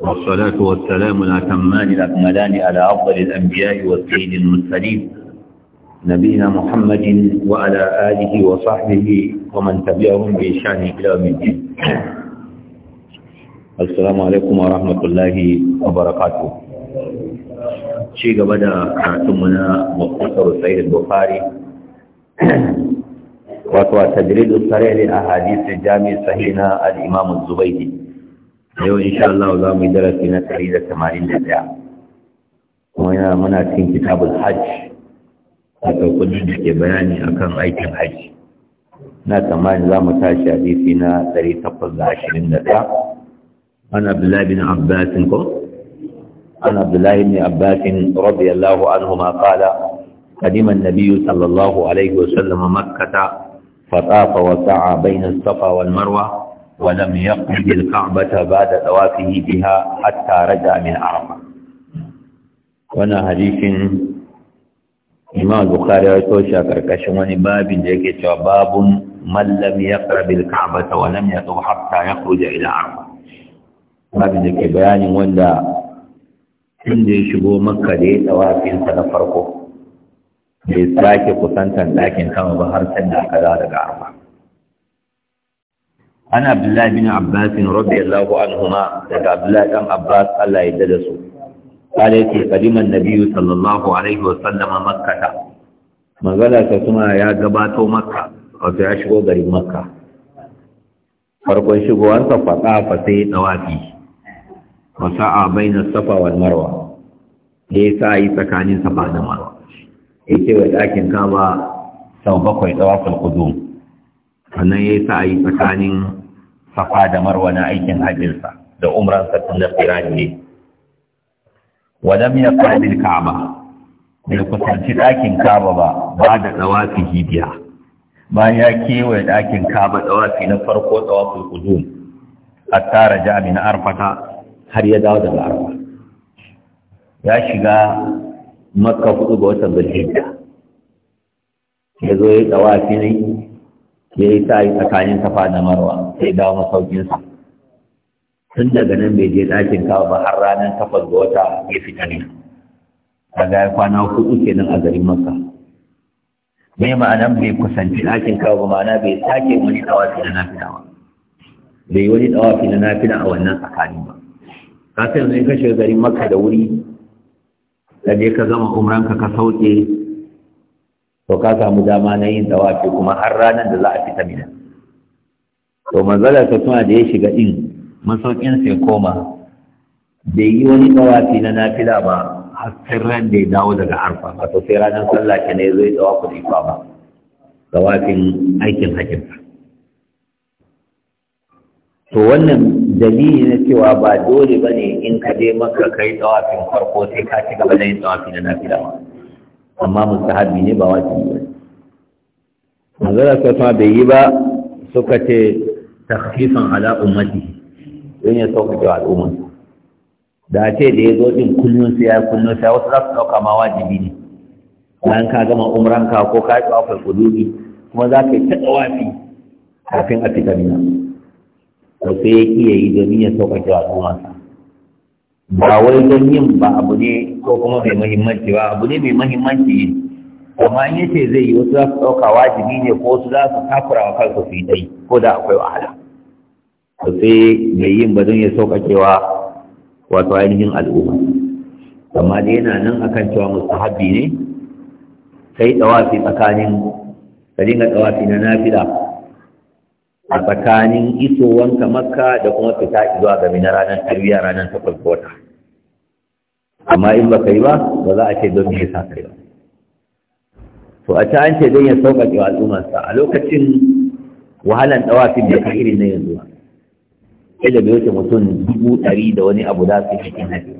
والصلاة والسلام الأتمان الأكملان على أفضل الأنبياء والسيد المرسلين نبينا محمد وعلى آله وصحبه ومن تبعهم بإشان إلى الدين السلام عليكم ورحمة الله وبركاته شيء بدأ كاتمنا مختصر سيد البخاري وتدريد السريع لأحاديث الجامع صحيحنا الإمام الزبيدي yau insha Allah za mu yi darasi na ɗari da tamanin da ɗaya kuma yana muna cikin kitabul hajj wato kudin da ke bayani akan aikin hajji na tsammanin za mu tashi hadisi na ɗari takwas da ashirin da ɗaya an abdullahi bin abbasin ko an abdullahi bin abbasin radiyallahu anhu ma qala قدم النبي صلى الله عليه وسلم مكة فطاف وسعى بين الصفا والمروة ولم يقم الكعبة بعد طوافه بها حتى رجع من عرفة wannan hadisin imam bukhari ya so a karkashin wani babin da yake cewa babu mallam ya karbi ka'bata wa lam yatu hatta ya khruja ila arba babin da ke bayanin wanda tun ya shigo makka da ya tawafin na farko bai sake kusantan ɗakin kama ba har sai da aka daga arba an abdullahi bin abbas radiyallahu anhuma daga abdullahi dan abbas Allah ya dada su kala yake kadiman nabiyyu sallallahu alaihi wa sallama makkata magana ta kuma ya gabato makka wato ya shigo garin makka farkon shigowarsa faɗa fa sai ya tsawafi wasa'a baina safa wal marwa da ya sa yi tsakanin safa da marwa ya ce wa ɗakin kaba sau bakwai tsawafin kudu sannan ya sa sa'ayi tsakanin safa da marwa na aikin hajjinsa da umransa tun da firani ne wadam ya fadil ka'aba bai kusanci ɗakin ka'aba ba ba da tsawafi hidiya. bayan ya kewaye ɗakin ka'aba tsawafi na farko tsawafi kudum a tara jami na arfata har ya dawo daga arfa ya shiga makka hudu ga watan zulhijja ya zo ya yi tsawafi ne ya yi ta yi tsakanin safa da marwa sai dawo masaukinsa tun daga nan bai je ɗakin kawo ba har ranar takwas ga wata ya fita ne kaga ya kwana hudu kenan a garin makka me ma'ana bai kusanci ɗakin kawo ba ma'ana bai sake wani dawafi na nafina ba bai wani dawafi na nafina a wannan tsakani ba ka sai yanzu in ka shiga garin makka da wuri ka je ka gama umranka ka sauke to ka samu dama na yin tsawafi kuma har ranar da za a fita mina to manzala ta suna da ya shiga din masaukin sai koma bai yi wani tsawafi na nafila ba har sai ran da ya dawo daga arfa wato sai ranar sallah ke ne zai tsawa ku ifa ba tsawafin aikin hakim to wannan dalili na cewa ba dole ba ne in ka je maka kai tsawafin farko sai ka ci gaba da yin tsawafi na nafila ba amma mustahabi ne ba wajibi ba manzara ta bai yi ba suka ce takhfifan ala ummati don ya sauƙaƙe ga al'umma da ce da ya zo din kullun sai ya kullun sai wasu za su ɗauka ma wajibi ne bayan ka gama ka ko ka tsawa tsawafar kudubi kuma za ka ta tsawafi kafin a fita mina to sai ya ƙi ya yi domin ya sauƙaƙe ga al'umma ba wai don yin ba abu ne ko kuma mai muhimmanci ba abu ne mai muhimmanci ne amma in yace zai yi wasu za su ɗauka wajibi ne ko wasu za su takura wa kansu su yi dai ko da akwai wahala to sai mai yin ba don ya sauƙaƙewa wato ainihin al'umma amma dai yana nan akan cewa mustahabbi ne yi tsawafi tsakanin ka dinga tsawafi na nafila a tsakanin isowanka makka da kuma fita zuwa ga na ranar tarbiyya ranar takwas ga wata amma in ba ka yi ba ba za a ce don me sa yi ba to a ta an ce don ya sauƙaƙe wa al'ummarsa a lokacin wahalan tsawafin da ka irin na yanzu ba. sai da bai wuce mutum dubu ɗari da wani abu za su yi cikin haji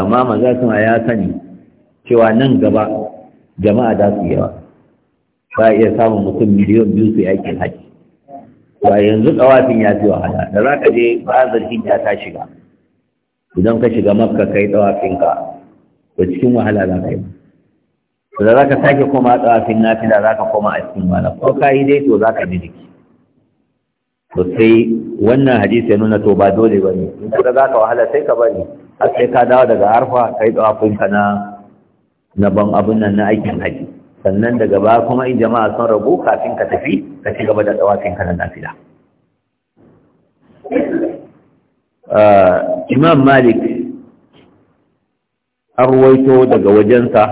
amma maza suna ya sani cewa nan gaba jama'a za su yawa ba iya samun mutum miliyon biyu su yakin aikin ba yanzu tsawafin ya fi wahala da za ka je ba zargin ya ta shiga idan ka shiga makka kai tsawafinka ba cikin wahala za ka yi Ba da za ka sake koma tsawafin da za ka koma a cikin wahala ko ka yi dai to za ka ji jiki to sai wannan hadisi ya nuna to ba dole ba ne in kuma za ka wahala sai ka bari har sai ka dawo daga harfa ka yi tsawafinka na na ban abin nan na aikin haji sannan daga ba kuma in jama'a sun rabu kafin ka tafi ka ci gaba da tsawafinka na nafila ah, imam malik an ruwaito daga wajensa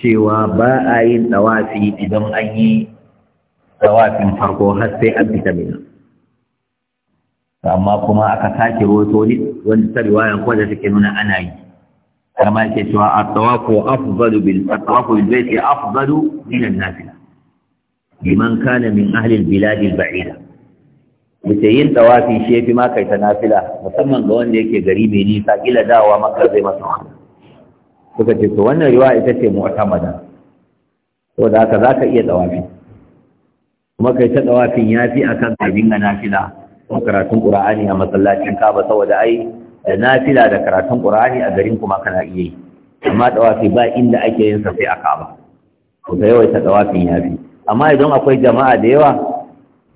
cewa ba a yin tsawafi idan an yi tawafin farko har sai an fita mina amma kuma aka sake roto ne wanda ta riwaya ko da take nuna ana yi har ma yake cewa at-tawafu afdalu bil tawafu bil baiti afdalu min an-nafila liman kana min ahli al-bilad al-ba'ida mace yin tawafi shi yafi ma kai ta nafila musamman ga wanda yake gari mai nisa kila dawowa maka zai masa wahala suka ce to wannan riwaya ita ce mu'tamada to da za ka iya tawafi kuma kai ta tsawafin ya fi a kan kabin ga nafila ko karatun ƙura'ani a masallacin kaba saboda ai da nafila da karatun ƙura'ani a garin kuma kana iya yi amma tsawafi ba inda ake yin sa a kaba ko da yawaita tsawafin ya fi amma idan akwai jama'a da yawa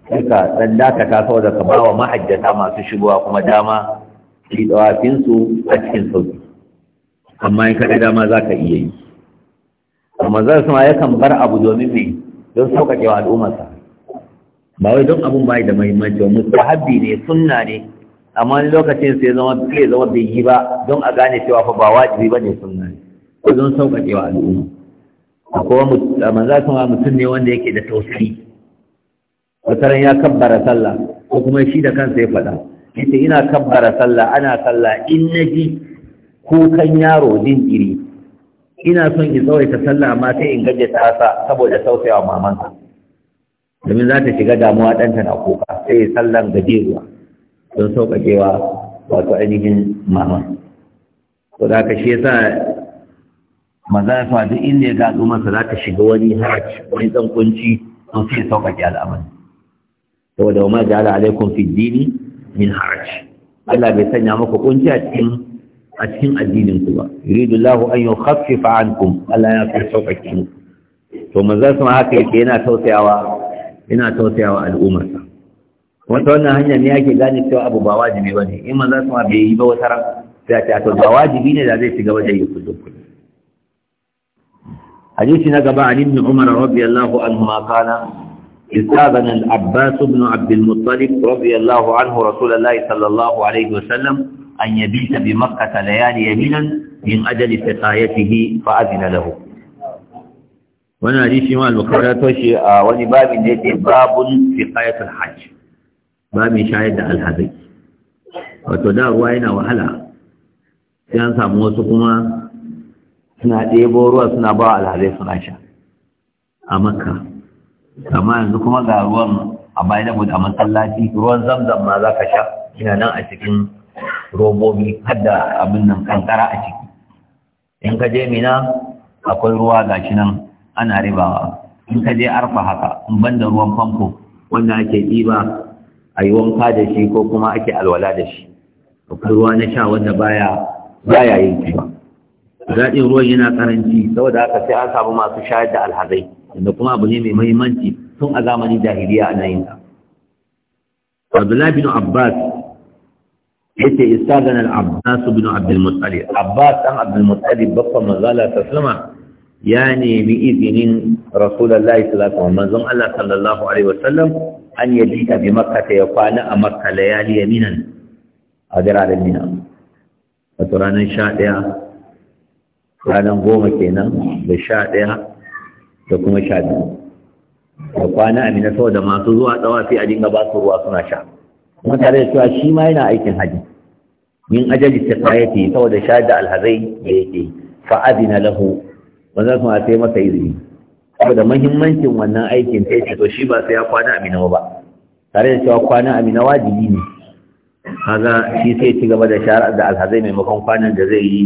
sai ka dakata saboda ka ba wa mahajjata masu shigowa kuma dama shi tsawafinsu a cikin sauki amma in kaɗai dama za ka iya yi amma zai suna yakan bar abu domin mai don sauƙaƙe wa al'ummarsa ba wai don abun bai da mahimmanci ba mustahabbi ne sunna ne amma wani lokacin sai zama zai zama bai yi ba don a gane cewa fa ba wajibi ba ne sunna ne ko don wa al'umma akwai manzo kuma mutum ne wanda yake da tausayi wataran ya kabbara sallah ko kuma shi da kansa ya faɗa yace ina kabbara sallah ana sallah in naji kukan yaro din jinjiri ina son in tsawaita sallah amma sai in gaje ta saboda tausayawa mamanka. domin za ta shiga damuwa ɗanta na kuka sai sallan gajeruwa don sauƙaƙewa wato ainihin mama ko da ka shi yasa maza fa duk inda ya gado masa za ta shiga wani haraci wani ɗan kunci don sai sauƙaƙe al'amari saboda wa maza ala alaikum fi dini min haraci Allah bai sanya maka kunci a cikin a cikin addinin ku ba yuridu Allahu an yukhaffifa ankum Allah ya fi sauƙaƙe to maza su haka yake yana tausayawa yana tausayawa al'ummarsa wata wannan hanyar ne ake gane cewa abu ba wajibi ba ne in manzan sama bai yi ba wata ran sai a ce to ba wajibi ne da zai shiga wajen yi kullum kullum hadisi na gaba an ibn umar radiyallahu anhu ma kana استاذن العباس بن عبد المطلب رضي الله عنه رسول الله صلى الله عليه وسلم أن يبيت بمكة ليالي يمينا من أجل wannan hadisi ma al-bukhari to shi a wani babin da yake babun al hajj babin shayar da al-hajj wato da ruwa yana wahala sai an samu wasu kuma suna ɗebo ruwa suna ba alhazai suna sha a makka amma yanzu kuma ga ruwan a bayan abu a masallaci ruwan zamzam ma za ka sha ina nan a cikin robobi har abin nan kankara a ciki in ka je mina akwai ruwa ga shi nan ana ribawa in ka je arfa haka in banda ruwan famfo wanda ake ɗiba a yi wanka da shi ko kuma ake alwala da shi akwai ruwa na sha wanda baya baya yin kiba daɗin ruwan yana karanci saboda haka sai an samu masu shayar da alhazai inda kuma abu ne mai muhimmanci tun a zamanin jahiliya ana yin sa Abdullahi bin Abbas yace istadana al-Abbas bin Abdul Muttalib Abbas dan Abdul Muttalib babban ta sallama ya nemi izinin rasulallah sallallahu alaihi manzon Allah sallallahu alaihi wasallam an yabita bi makka ta ya kwana a makka layali minan a jiragen mina a ranar sha ɗaya ranar goma kenan da sha ɗaya da kuma sha biyu da kwana a mina saboda masu zuwa tsawa sai a dinga ba su ruwa suna sha kuma tare da cewa shi ma yana aikin haji min ajali ta sayati saboda sha da alhazai da yake fa'adina lahu wanda kuma sai masa izini saboda mahimmancin wannan aikin sai ce to shi ba sai ya kwana a minawa ba tare da cewa kwana a minawa wajibi ne kaga shi sai ci gaba da shara da alhazai maimakon kwanan da zai yi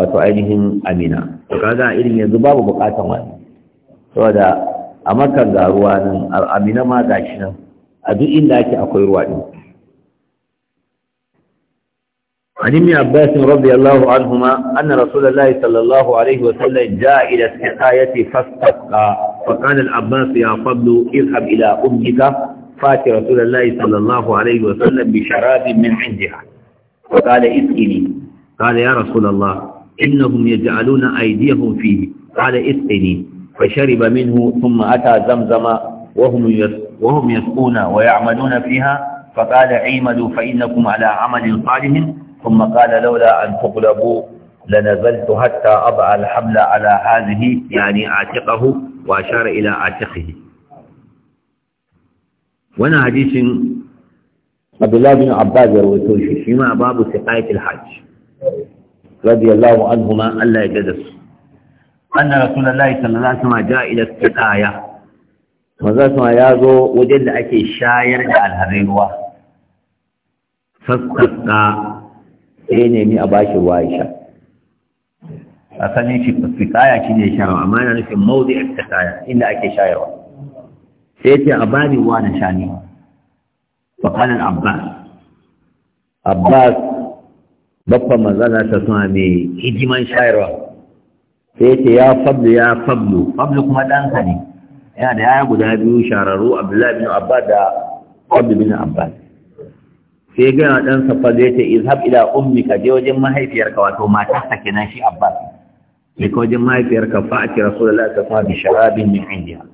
wato ainihin amina to kaga irin yanzu babu bukatan wani saboda a makan ga ruwa nan amina ma gashi nan a duk inda ake akwai ruwa din عن ابن عباس رضي الله عنهما أن رسول الله صلى الله عليه وسلم جاء إلى السقاية فاستسقى فقال العباس يا فضل اذهب إلى أمك فات رسول الله صلى الله عليه وسلم بشراب من عندها فقال اسقني قال يا رسول الله إنهم يجعلون أيديهم فيه قال اسقني فشرب منه ثم أتى زمزم وهم وهم يسقون ويعملون فيها فقال عيمدوا فإنكم على عمل صالح ثم قال لولا أن تغلبوا لنزلت حتى أضع الحمل على هذه يعني أعتقه وأشار إلى أعتقه وانا حديث عبد الله بن عباس يرويته فيما باب سقاية الحج رضي الله عنهما ألا يجلس أن رسول الله صلى الله عليه وسلم جاء إلى السقاية وذاتما يازو وجد أكي الشاير على الهريوة فاستقى sai ya nemi a bashi ruwa ya sha asalin shi fikaya shi ne shayarwa amma yana nufin mawuzi a fikaya inda ake shayarwa sai ya ce a bani ruwa na sha ne faƙalar abbas abbas babban manzana ta suna mai hidiman shayarwa sai ce ya fablu ya fablu fablu kuma ɗansa ne yana da yaya guda biyu shararru abdullahi bin abbas da fablu bin abbas sai wa ɗansa fa zai ce izhab ila ummika je wajen mahaifiyarka wato mata ta kenan shi abbas sai ka wajen mahaifiyarka fa ati rasulullahi ta fa bi sharabin min indiya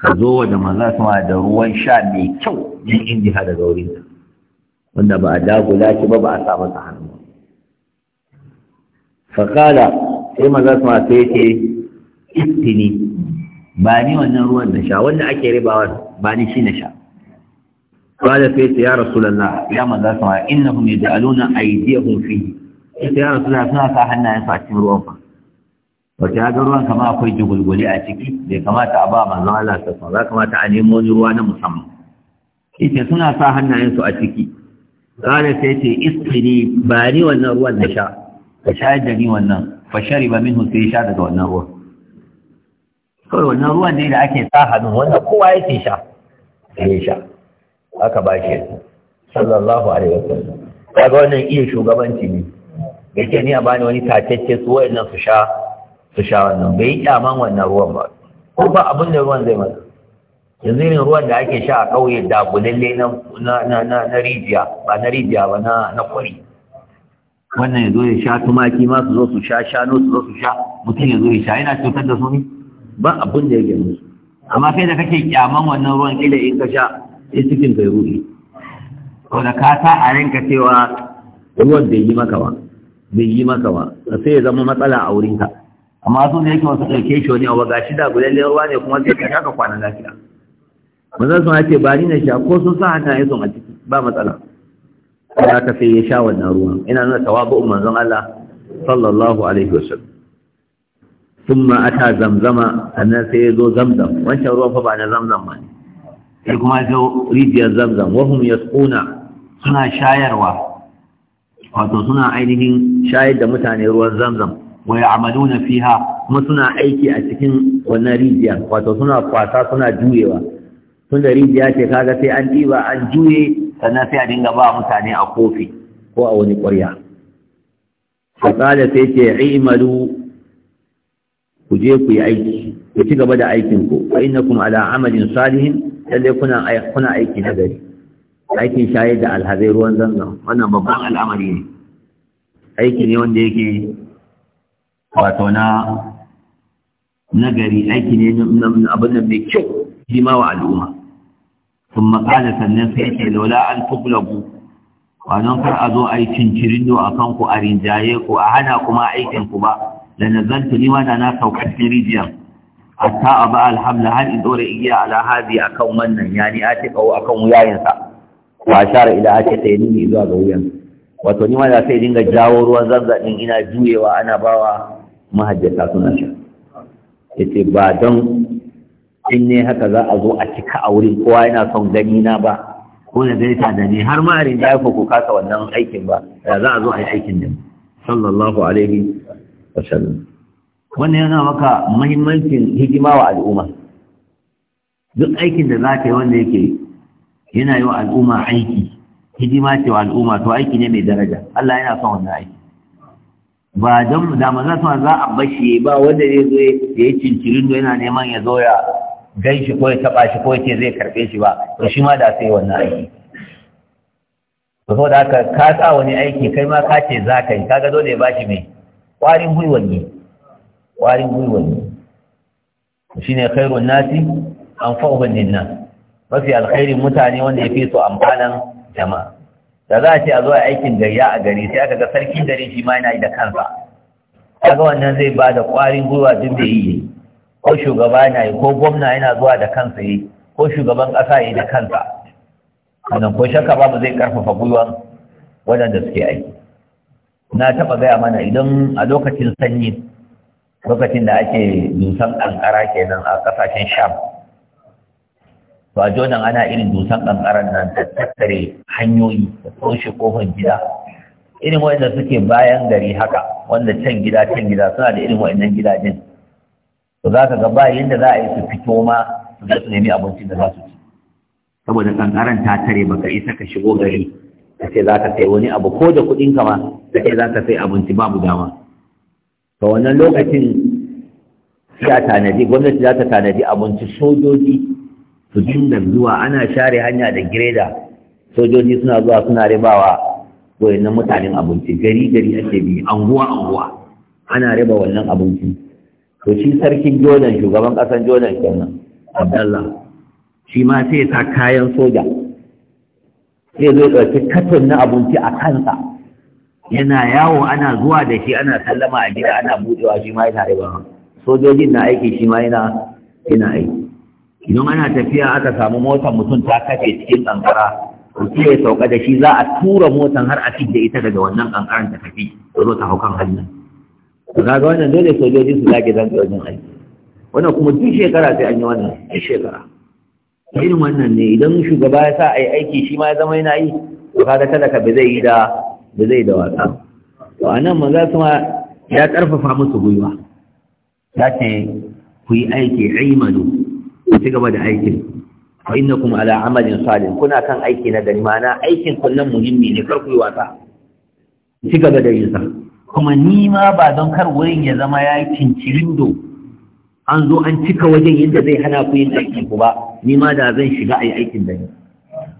ka zo wa da manzon sama da ruwan sha mai kyau min indiya da wurin ta wanda ba a dagula shi ba ba a sa masa hannu fa kala sai manzon sama sai ce ittini ba ni wannan ruwan da sha wanda ake ribawa ba ni shi na sha قال فيت يا رسول الله يا من ذا سمع إنهم يجعلون أيديهم فيه فيت يا رسول الله سنة صاحنا ينفع تشمر وفا a روان كما أخوي جغل قولي أتكي ruwa كما تأبا من ذا لا تسمع كما تعلمون روانا مصمم قلت سنة صاحنا ينفع تكي قال فيت اسقني باري والنروان نشاء فشاهدني والنروان فشرب منه sai sha daga wannan ruwan kawai wannan ruwan ne da ake sa hannu wanda kowa yake sha ya sha aka ba shi sallallahu alaihi wasallam kaga wannan iya shugabanci ne yake ni a bani wani tatacce su wayannan su sha su sha wannan bai yi kyaman wannan ruwan ba ko ba abin da ruwan zai masa yanzu ne ruwan da ake sha a kauye da bulalle na na na na rijiya ba na rijiya ba na na kwari wannan ya zo ya sha tumaki ma su zo su sha shanu su zo su sha mutum ya zo ya sha yana cutar da su ne ba abin da yake musu amma kai da kake kyaman wannan ruwan kila in ka sha sai cikin bai ruhi ko da ka sa a yanka cewa ruwan bai yi maka ba bai yi maka ba sai ya zama matsala a wurin ka. amma su ne yake wasu ɗauke shi wani abu shi da gudan ruwa ne kuma sai ka shaka kwanan lafiya manzon sun ce ba ni na sha ko sun sa hannaye sun a ciki ba matsala Ya ka sai ya sha wannan ruwan ina nuna tawabu, manzon Allah sallallahu alaihi wasallam thumma ata zamzama annan sai ya zo zamzam wancan ruwan fa ba na zamzam ba ne sai kuma zo rijiyar zamzam wahum yasquna suna shayarwa wato suna ainihin shayar da mutane ruwan zamzam na fi fiha kuma suna aiki a cikin wannan rijiya wato suna kwasa suna juyewa tun da rijiya ce kaga sai an ɗiba an juye sannan sai a dinga ba mutane a kofi ko a wani ƙwarya fasada sai ce imalu ku je ku yi aiki ku ci gaba da aikin ku fa innakum ala amalin salihin lalle kuna kuna aiki na gari aikin shayi da alhazai ruwan zanzan wannan babban al'amari ne aiki ne wanda yake wato na nagari aiki ne abin da mai kyau shi ma wa al'umma sun makala sannan sai ke lola an wannan kar a zo a yi cincirindo a kanku a rinjaye ku a hana kuma aikin ku ba da nazarta ni ma na saukar cikin rijiyar hatta ba alhamla har in dore igiya ala hadi kan wannan yani a ce kawo akan kan sa wa shara ila a ce yi ni zuwa ga wuyan wato ni ma da sai dinga jawo ruwan zanzabin ina juyewa ana bawa mahajjata suna shi yace ba don in ne haka za a zo a cika a wurin kowa yana son gani na ba ko da zai ta da har ma rin da ko kasa wannan aikin ba Ya za a zo a yi aikin ne sallallahu alaihi wa sallam wannan yana maka mahimmancin hikima wa al'umma duk aikin da za ka yi wanda yake yana yi wa al'umma aiki hikima ce wa al'umma to aiki ne mai daraja Allah yana son wannan aiki ba don da maza suna za a bashi ba wanda zai zo ya yi cincirin yana neman ya zo ya gan shi ko ya taɓa shi ko ya ce zai karbe shi ba to shi ma da sai wannan aiki to da haka ka sa wani aiki kai ma ka ce za ka yi ka ga dole ya bashi mai kwarin gwiwa ne ƙwarin gwiwa ne shi ne khairun nasi an fa'uban dinna mafi alkhairin mutane wanda ya fi su amfanan jama'a da za a ce a zo aikin gayya a gari sai aka ga sarkin gari shi ma yana yi da kansa kaga wannan zai ba da ƙwarin gwiwa duk da yi ko shugaba na yi ko gwamna yana zuwa da kansa yi ko shugaban ƙasa yi da kansa wannan ko shakka babu zai karfafa gwiwan waɗanda suke aiki na taɓa gaya mana idan a lokacin sanyi lokacin da ake dusan ƙanƙara kenan a ƙasashen sham to a ana irin dusan ƙanƙara nan ta tattare hanyoyi da toshe kofar gida irin wanda suke bayan gari haka wanda can gida can gida suna da irin wa'annan gidajen to za ka ga ba yadda za a yi su fito ma su su nemi abincin da za su ci saboda kankaran ta tare baka isa ka shigo gari ka ce za ka sai wani abu ko da kuɗinka ma ka ce za ka sai abinci babu dama to wannan lokacin sai a tanadi gwamnati za ta tanadi abinci sojoji su dinga zuwa ana share hanya da gireda sojoji suna zuwa suna ribawa na mutanen abinci gari gari ake bi anguwa anguwa ana riba wannan abinci to shi sarkin jordan shugaban kasan jordan kenan abdallah shi ma sai ya sa kayan soja sai zai ɗauki katon na abinci a kansa yana yawo ana zuwa da shi ana sallama a gida ana buɗewa shi ma yana riba sojojin na aiki shi ma yana yana aiki idan ana tafiya aka samu motar mutum ta kafe cikin kankara mutum ya sauka da shi za a tura motar har a da ita daga wannan kankaran ta kafi ta zo ta hau kan hannun to ga wannan dole sojoji su zan zanga wannan aiki wannan kuma duk shekara sai an yi wannan duk shekara irin wannan ne idan shugaba ya sa a yi aiki shi ma ya zama yana yi to kaga talaka ba zai yi da da zai da wasa to a nan maza kuma ya ƙarfafa musu gwiwa ya ce ku yi aiki imanu ku ci gaba da aikin fa innakum ala amalin salin kuna kan aiki na gani mana aikin kullum muhimmi ne kar ku yi wasa ci gaba da yin sa kuma ni ma ba don kar wurin ya zama ya cincirindo an zo an cika wajen yadda zai hana ku yin aikin ku ba ni ma da zan shiga a yi aikin da ni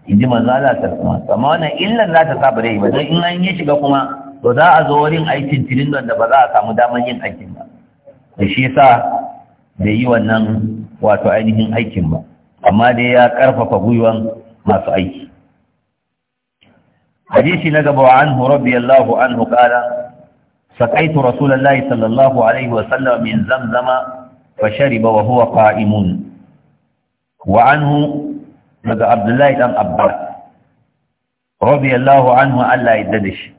in ji maza za ta kuma amma wannan illan za ta sa ba ba don in an yi shiga kuma to za a zo wurin aikin tilin da ba za a samu damar yin aikin ba da shi sa da yi wannan wato ainihin aikin ba amma dai ya karfafa gwiwan masu aiki hadisi na gaba anhu radiyallahu anhu qala Sakaitu Rasulallah! sallallahu alaihi wa sallam min zamzama فشرب وهو قائم وعنه daga abdullahi dan abbas radiyallahu anhu Allah ya dade shi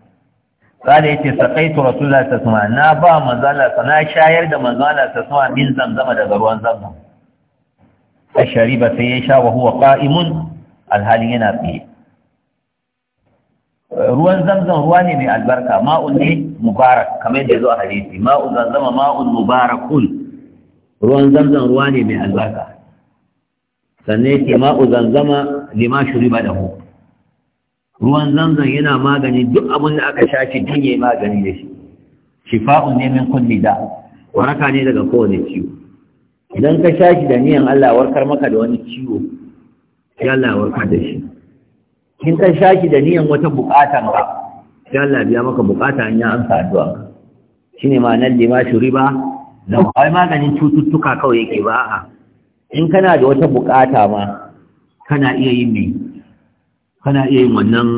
kada yace saqaitu rasulullahi sallallahu alaihi wasallam na ba manzala sana shayar da manzala sallallahu min zamzama daga ruwan zamzam ashariba sai ya sha wa huwa qa'imun alhalin yana tsaye ruwan zamzam ruwa ne mai albarka ma'un ne mubarak kamar yadda zo a hadisi ma'un zamzama ma'un mubarakun ruwan zamzam ruwa ne mai albarka sannan yake ma'u zanzama lima da hu. ruwan zanzan yana magani duk abin da aka sha shi ya yi magani da shi shifa'un ne min kulli da waraka ne daga kowane ciwo idan ka sha shi da niyan Allah warkar maka da wani ciwo ya Allah warka da shi kin ka sha shi da niyan wata bukatan ka Ya Allah biya maka bukata in ya amsa addu'a shine ma'anar lima ba da kai maganin cututtuka kawai yake ba a'a in kana da wata bukata ma kana iya yin ne kana iya yin wannan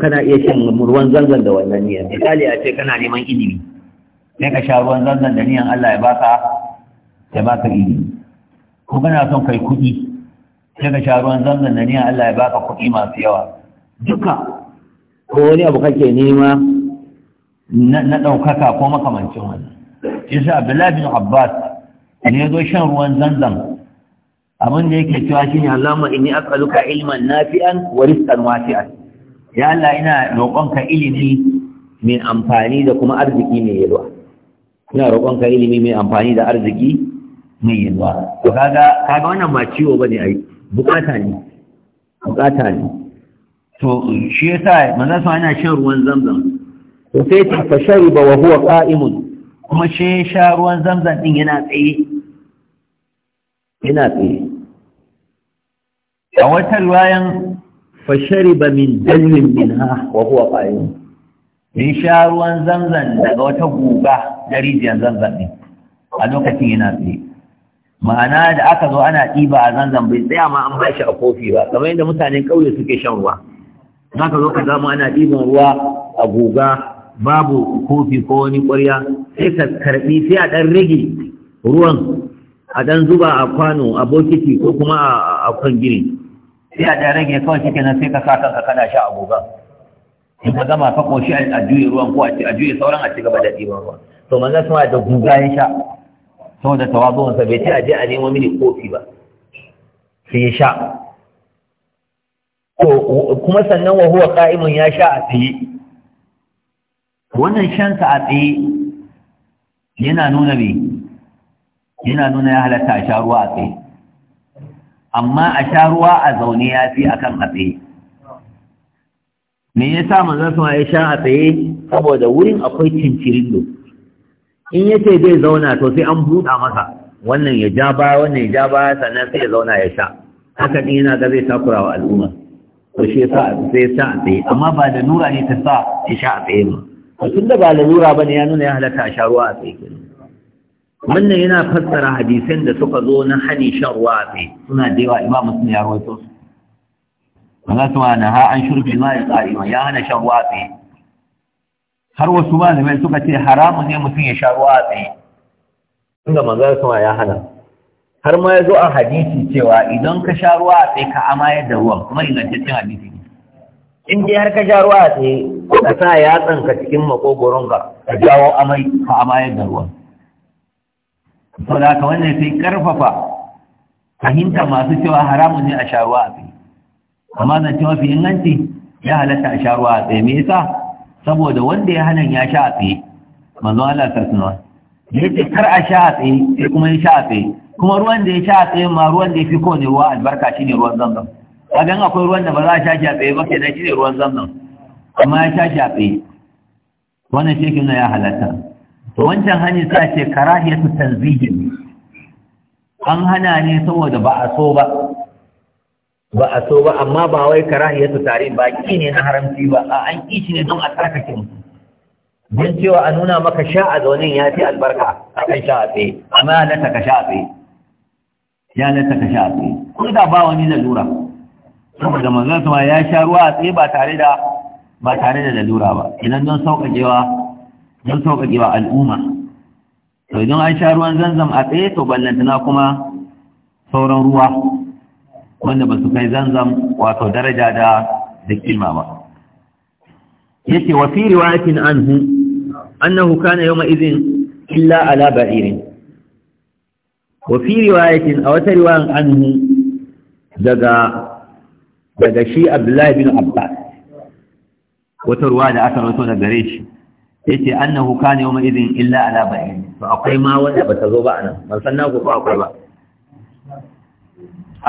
kana iya shan ruwan zanzan da wannan niyan misali a ce kana neman ilimi sai ka sha ruwan zanzan da niyan Allah ya baka ya baka ilimi ko kana son kai kuɗi sai ka sha ruwan zanzan da niyan Allah ya baka kuɗi masu yawa duka ko wani abu kake nema na ɗaukaka ko makamancin wannan yasa abdullahi bin abbas da ya zo shan ruwan zanzan? abin da yake cewa shine Allahumma inni as'aluka ilman nafi'an wa rizqan wasi'an ya Allah ina roƙonka ilimi mai amfani da kuma arziki mai yalwa ina roƙonka ilimi mai amfani da arziki mai yalwa to kaga kaga wannan ba ciwo bane ai bukata ne bukata ne to shi yasa manzon sa yana shan ruwan zamzam to sai ta ba wa huwa qa'imun kuma shi sha ruwan zamzam din yana tsaye ina tsaye a wata ruwayan ba min min ha wa kuwa qayyum in sha ruwan zanzan daga wata guga na rijiyar zanzan ne a lokacin yana tsaye ma'ana da aka zo ana ɗiba a zanzan bai tsaya ma an ba a kofi ba kamar yadda mutanen ƙauye suke shan ruwa za ka zo ka zama ana ɗiban ruwa a guga babu kofi ko wani ƙwarya sai ka karɓi sai a ɗan rage ruwan a dan zuba a kwano a bokiti ko kuma a kan gini sai a da rage kawai shi kenan sai ka sa kanka kana sha a goga in ka gama ka koshi a juye ruwan ko a juye sauran a cigaba da ɗiban ruwa to manzan suna da guga ya sha saboda tawazuwansa bai ce a je a nemo mini kofi ba sai ya sha kuma sannan wa huwa qa'imun ya sha a tsaye wannan shansa a tsaye yana nuna me yana nuna ya halatta a sha ruwa a tsaye amma a sha ruwa a zaune ya fi akan a tsaye me sa manzan sama ya sha a tsaye saboda wurin akwai cincirindo in ya ce zai zauna to sai an buɗa masa wannan ya ja ba wannan ya ja ba sannan sai ya zauna ya sha haka ɗin yana ga zai takura wa al'umma to shi yasa sai ya sha a tsaye amma ba da nura ne ta sa ya sha a tsaye ba da ba da nura ne ya nuna ya halatta a sha ruwa a tsaye kenan wannan yana fassara hadisan da suka zo na hani shan ruwa tsaye suna da yawa imam muslim ya rawaito su Allah su na ha an shurbi ma ya tsari ya hana shan ruwa tsaye har wasu malamai suka ce haramun ne mutum ya sha ruwa tsaye inda manzo sama ya hana har ma ya zo a hadisi cewa idan ka sha ruwa tsaye ka amaya da ruwan kuma ingantaccen hadisi ne in dai har ka sha ruwa tsaye ka sa yatsan ka cikin makogoron ka ka jawo amai ka amaya da ruwan sau da haka wannan sai karfafa fahimta masu cewa haramun ne a sharuwa a tsaye amma zan cewa fi inganci ya halatta a sharuwa a tsaye me yasa saboda wanda ya hana ya sha a tsaye manzo Allah ta sunawa yake kar a sha a tsaye sai kuma ya sha a tsaye kuma ruwan da ya sha a tsaye ma ruwan da ya fi kowane ruwa albarka shine ruwan zamzam gan akwai ruwan da ba za a sha shi a tsaye ba nan shine ruwan zamzam amma ya sha shi a tsaye wannan shekin na ya halatta to wancan hanyar ta ce karahiyatu tanzihin an hana ne saboda ba a so ba ba a so ba amma ba wai karahiyatu tare ba ki ne na haramci ba a an ki ne don a tsarkake mutum don cewa a nuna maka sha a zaunin ya fi albarka a kan sha a tsaye amma ya lanta ka sha a tsaye ya lanta ka sha a tsaye ko da ba wani lalura saboda manzon ya sha ruwa a tsaye ba tare da ba tare da lalura ba idan don sauƙaƙewa don sauƙaƙe wa al'umma to idan an sha ruwan zanzam a tsaye to ballantana kuma sauran ruwa wanda ba su kai zanzam wato daraja da da kima ba yace wa firi fi an anhu annahu kana yawma idhin illa ala ba'irin wa fi riwayatin a ta riwayan an hu daga shi Abdullahi bin Abbas wata ruwa da aka rawaito daga gare shi yace annahu kana yawma idhin illa ala ba'in to akwai ma wanda bata zo ba anan ban san naku ko akwai ba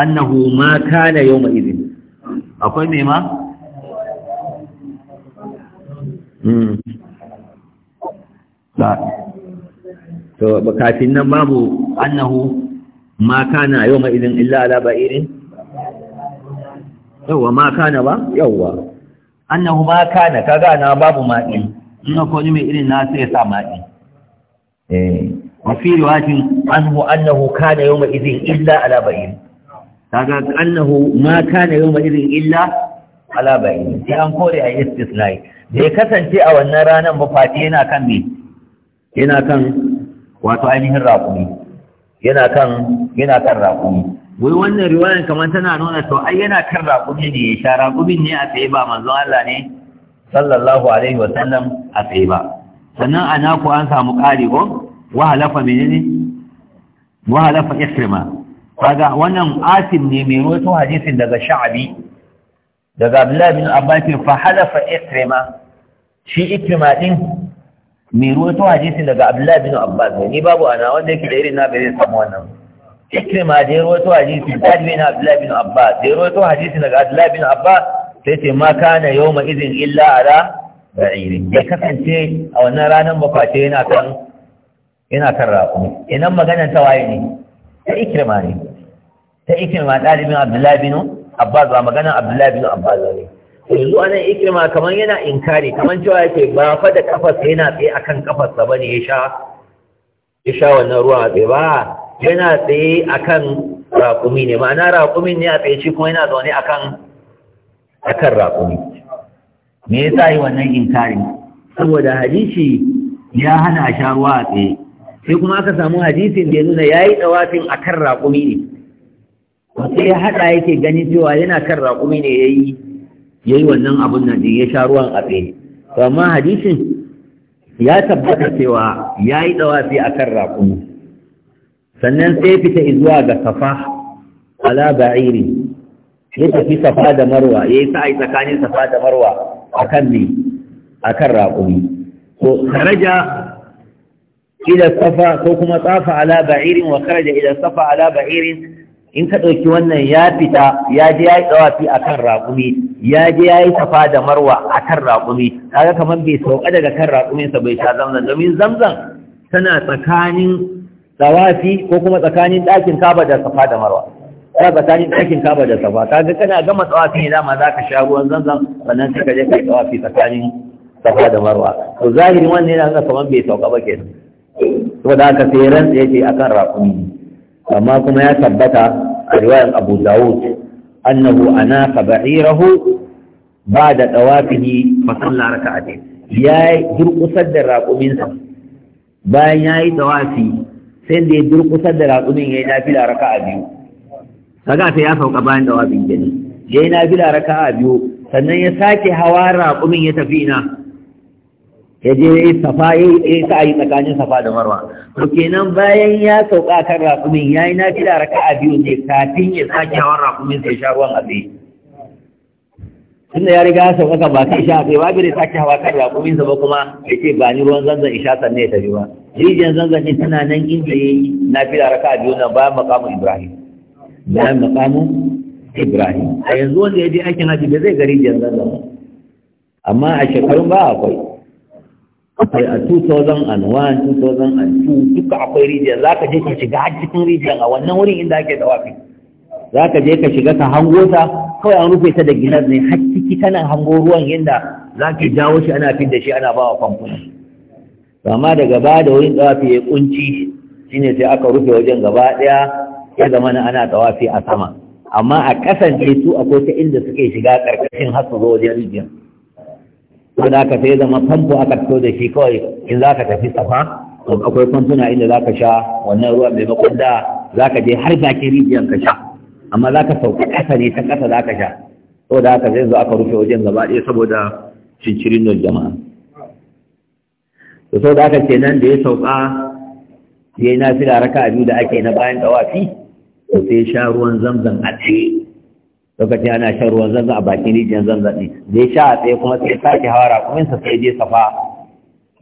annahu ma kana yawma idhin akwai me ma mm da to kafin nan babu annahu ma kana yawma idhin illa ala ba'irin yawwa ma kana ba yawwa annahu ma kana kaga na babu ma'in in ko wani mai irin na sai ya sa maɗi eh وفي رواية عنه أنه كان يومئذ إلا على بعير kaga annahu ma kana yawma idin illa ala bayin sai an kore a istisnai bai kasance a wannan ranar ba fati yana kan me yana kan wato ainihin raƙumi yana kan yana kan raƙumi wai wannan riwayar kamar tana nuna to ai yana kan raƙumi ne ya sha raƙumin ne a tsaye ba manzon Allah ne sallallahu alaihi wasallam a tsaye ba sannan a naku an samu ƙari ko wahalafa menene wahalafa ikrima kaga wannan asim ne mai ruwaito hadisin daga sha'abi daga abdullahi bin abbasin fa halafa ikrima shi ikrima din mai ruwaito hadisin daga abdullahi bin abbas ni babu ana wanda yake da irin na bai samu wannan ikrima da ya ruwaito hadisin da bin abdullahi bin abbas da ya ruwaito hadisin daga abdullahi bin abbas sai ce ma kana ma izin illa ala ba'irin ya kasance a wannan ranar bakwace yana kan yana kan raƙumi inan maganar tawaye ne ta ikirma ne ta ikirma ɗalibin abdullahi bin abbas ba maganar abdullahi bin abbas ne zuwa nan ikirma kamar yana inkari kamar cewa yake ba fa da kafas yana tsaye akan ba bane ya sha ya sha wannan ruwa tsaye ba yana tsaye akan raƙumi ne ma'ana raƙumin ne a tsaye shi kuma yana zaune akan a kan raƙumi me ya sa yi wannan inkari saboda hadisi ya hana a sha ruwa a tsaye sai kuma aka samu hadisin da ya nuna ya yi ɗawafin a kan raƙumi ne wasu ya haɗa yake ganin cewa yana kan raƙumi ne ya yi wannan abun nan da ya sha ruwan a tsaye to amma hadisin ya tabbata cewa ya yi ɗawafi a kan raƙumi sannan sai fita izuwa ga safa ala ba'iri ya tafi safa da marwa ya yi sa'ai tsakanin safa da marwa a kan ne a kan raƙumi to karaja ila safa ko kuma tsafa ala ba'irin wa karaja ila safa ala ba'irin in ka ɗauki wannan ya fita ya je ya yi tsawafi a kan raƙumi ya je ya yi safa da marwa a kan raƙumi kaga kamar bai sauka daga kan raƙuminsa bai sha zamzan domin zamzan tana tsakanin tsawafi ko kuma tsakanin ɗakin kaba da safa da marwa ba ta yi ɗakin kaba da safa ka ga kana gama tsawafi ya dama za ka sha ruwan zanzan sannan sai ka je kai tsawafi tsakanin safa da marwa to zahiri wannan yana nuna kamar bai sauka ba kenan da haka sai ran sai ce akan raƙumi amma kuma ya tabbata a riwayar Abu Dawud annahu anaka ba'irahu ba'da tawafihi fa salla rak'atayn ya durƙusar da raƙuminsa bayan ya yi tawafi sai da ya durƙusar da raƙumin ya yi nafila raka'a biyu kaga sai ya sauka bayan da wabin gani ya yi nafila a biyu sannan ya sake hawa raƙumin ya tafi ina ya je ya yi safa ya yi yi tsakanin safa da marwa to kenan bayan ya sauka kan raƙumin ya yi nafila a biyu ne kafin ya sake hawa raƙumin sai sha ruwan abe tunda ya riga ya sauka ba sai sha abe ba bai sake hawa kan raƙumin sa ba kuma ya ce ba ni ruwan zanzan isha sannan ya tafi ba rijiyar zanzan ne tana nan inda ya yi nafila a biyu na bayan makamu ibrahim na maqamu Ibrahim a yanzu wanda ya je aikin haji da zai gari janzan da amma a shekarun ba akwai akwai a 2001 2002 duka akwai rijiya za ka je ka shiga har cikin rijiya a wannan wurin inda ake wafi za ka je ka shiga ka hango ta kawai an rufe ta da gilas ne har ciki tana hango ruwan yadda za ka jawo shi ana fidda shi ana bawa famfuna amma daga ba da wurin dawafi ya kunci shine sai aka rufe wajen gaba daya ya zama na ana tawafi a sama amma a kasance su akwai ta inda suke shiga ƙarƙashin hasu zo wajen rijiyar Sau da aka sai zama famfo aka fito da shi kawai in za ka tafi safa to akwai famfuna inda za ka sha wannan ruwa maimakon da za ka je har bakin rijiyar ka sha amma za ka sauka ƙasa ne ta ƙasa za ka sha to da aka sai zo aka rufe wajen gaba ɗaya saboda cincirin jama'a to sau da aka ce nan da ya sauka ya yi na da raka biyu da ake na bayan ɗawafi da sai sha ruwan zamzam a tsaye lokacin ana shan ruwan zanzan a bakin rijiyar zanzan ne da ya sha a tsaye kuma sai sake hawa rakuminsa sai je safa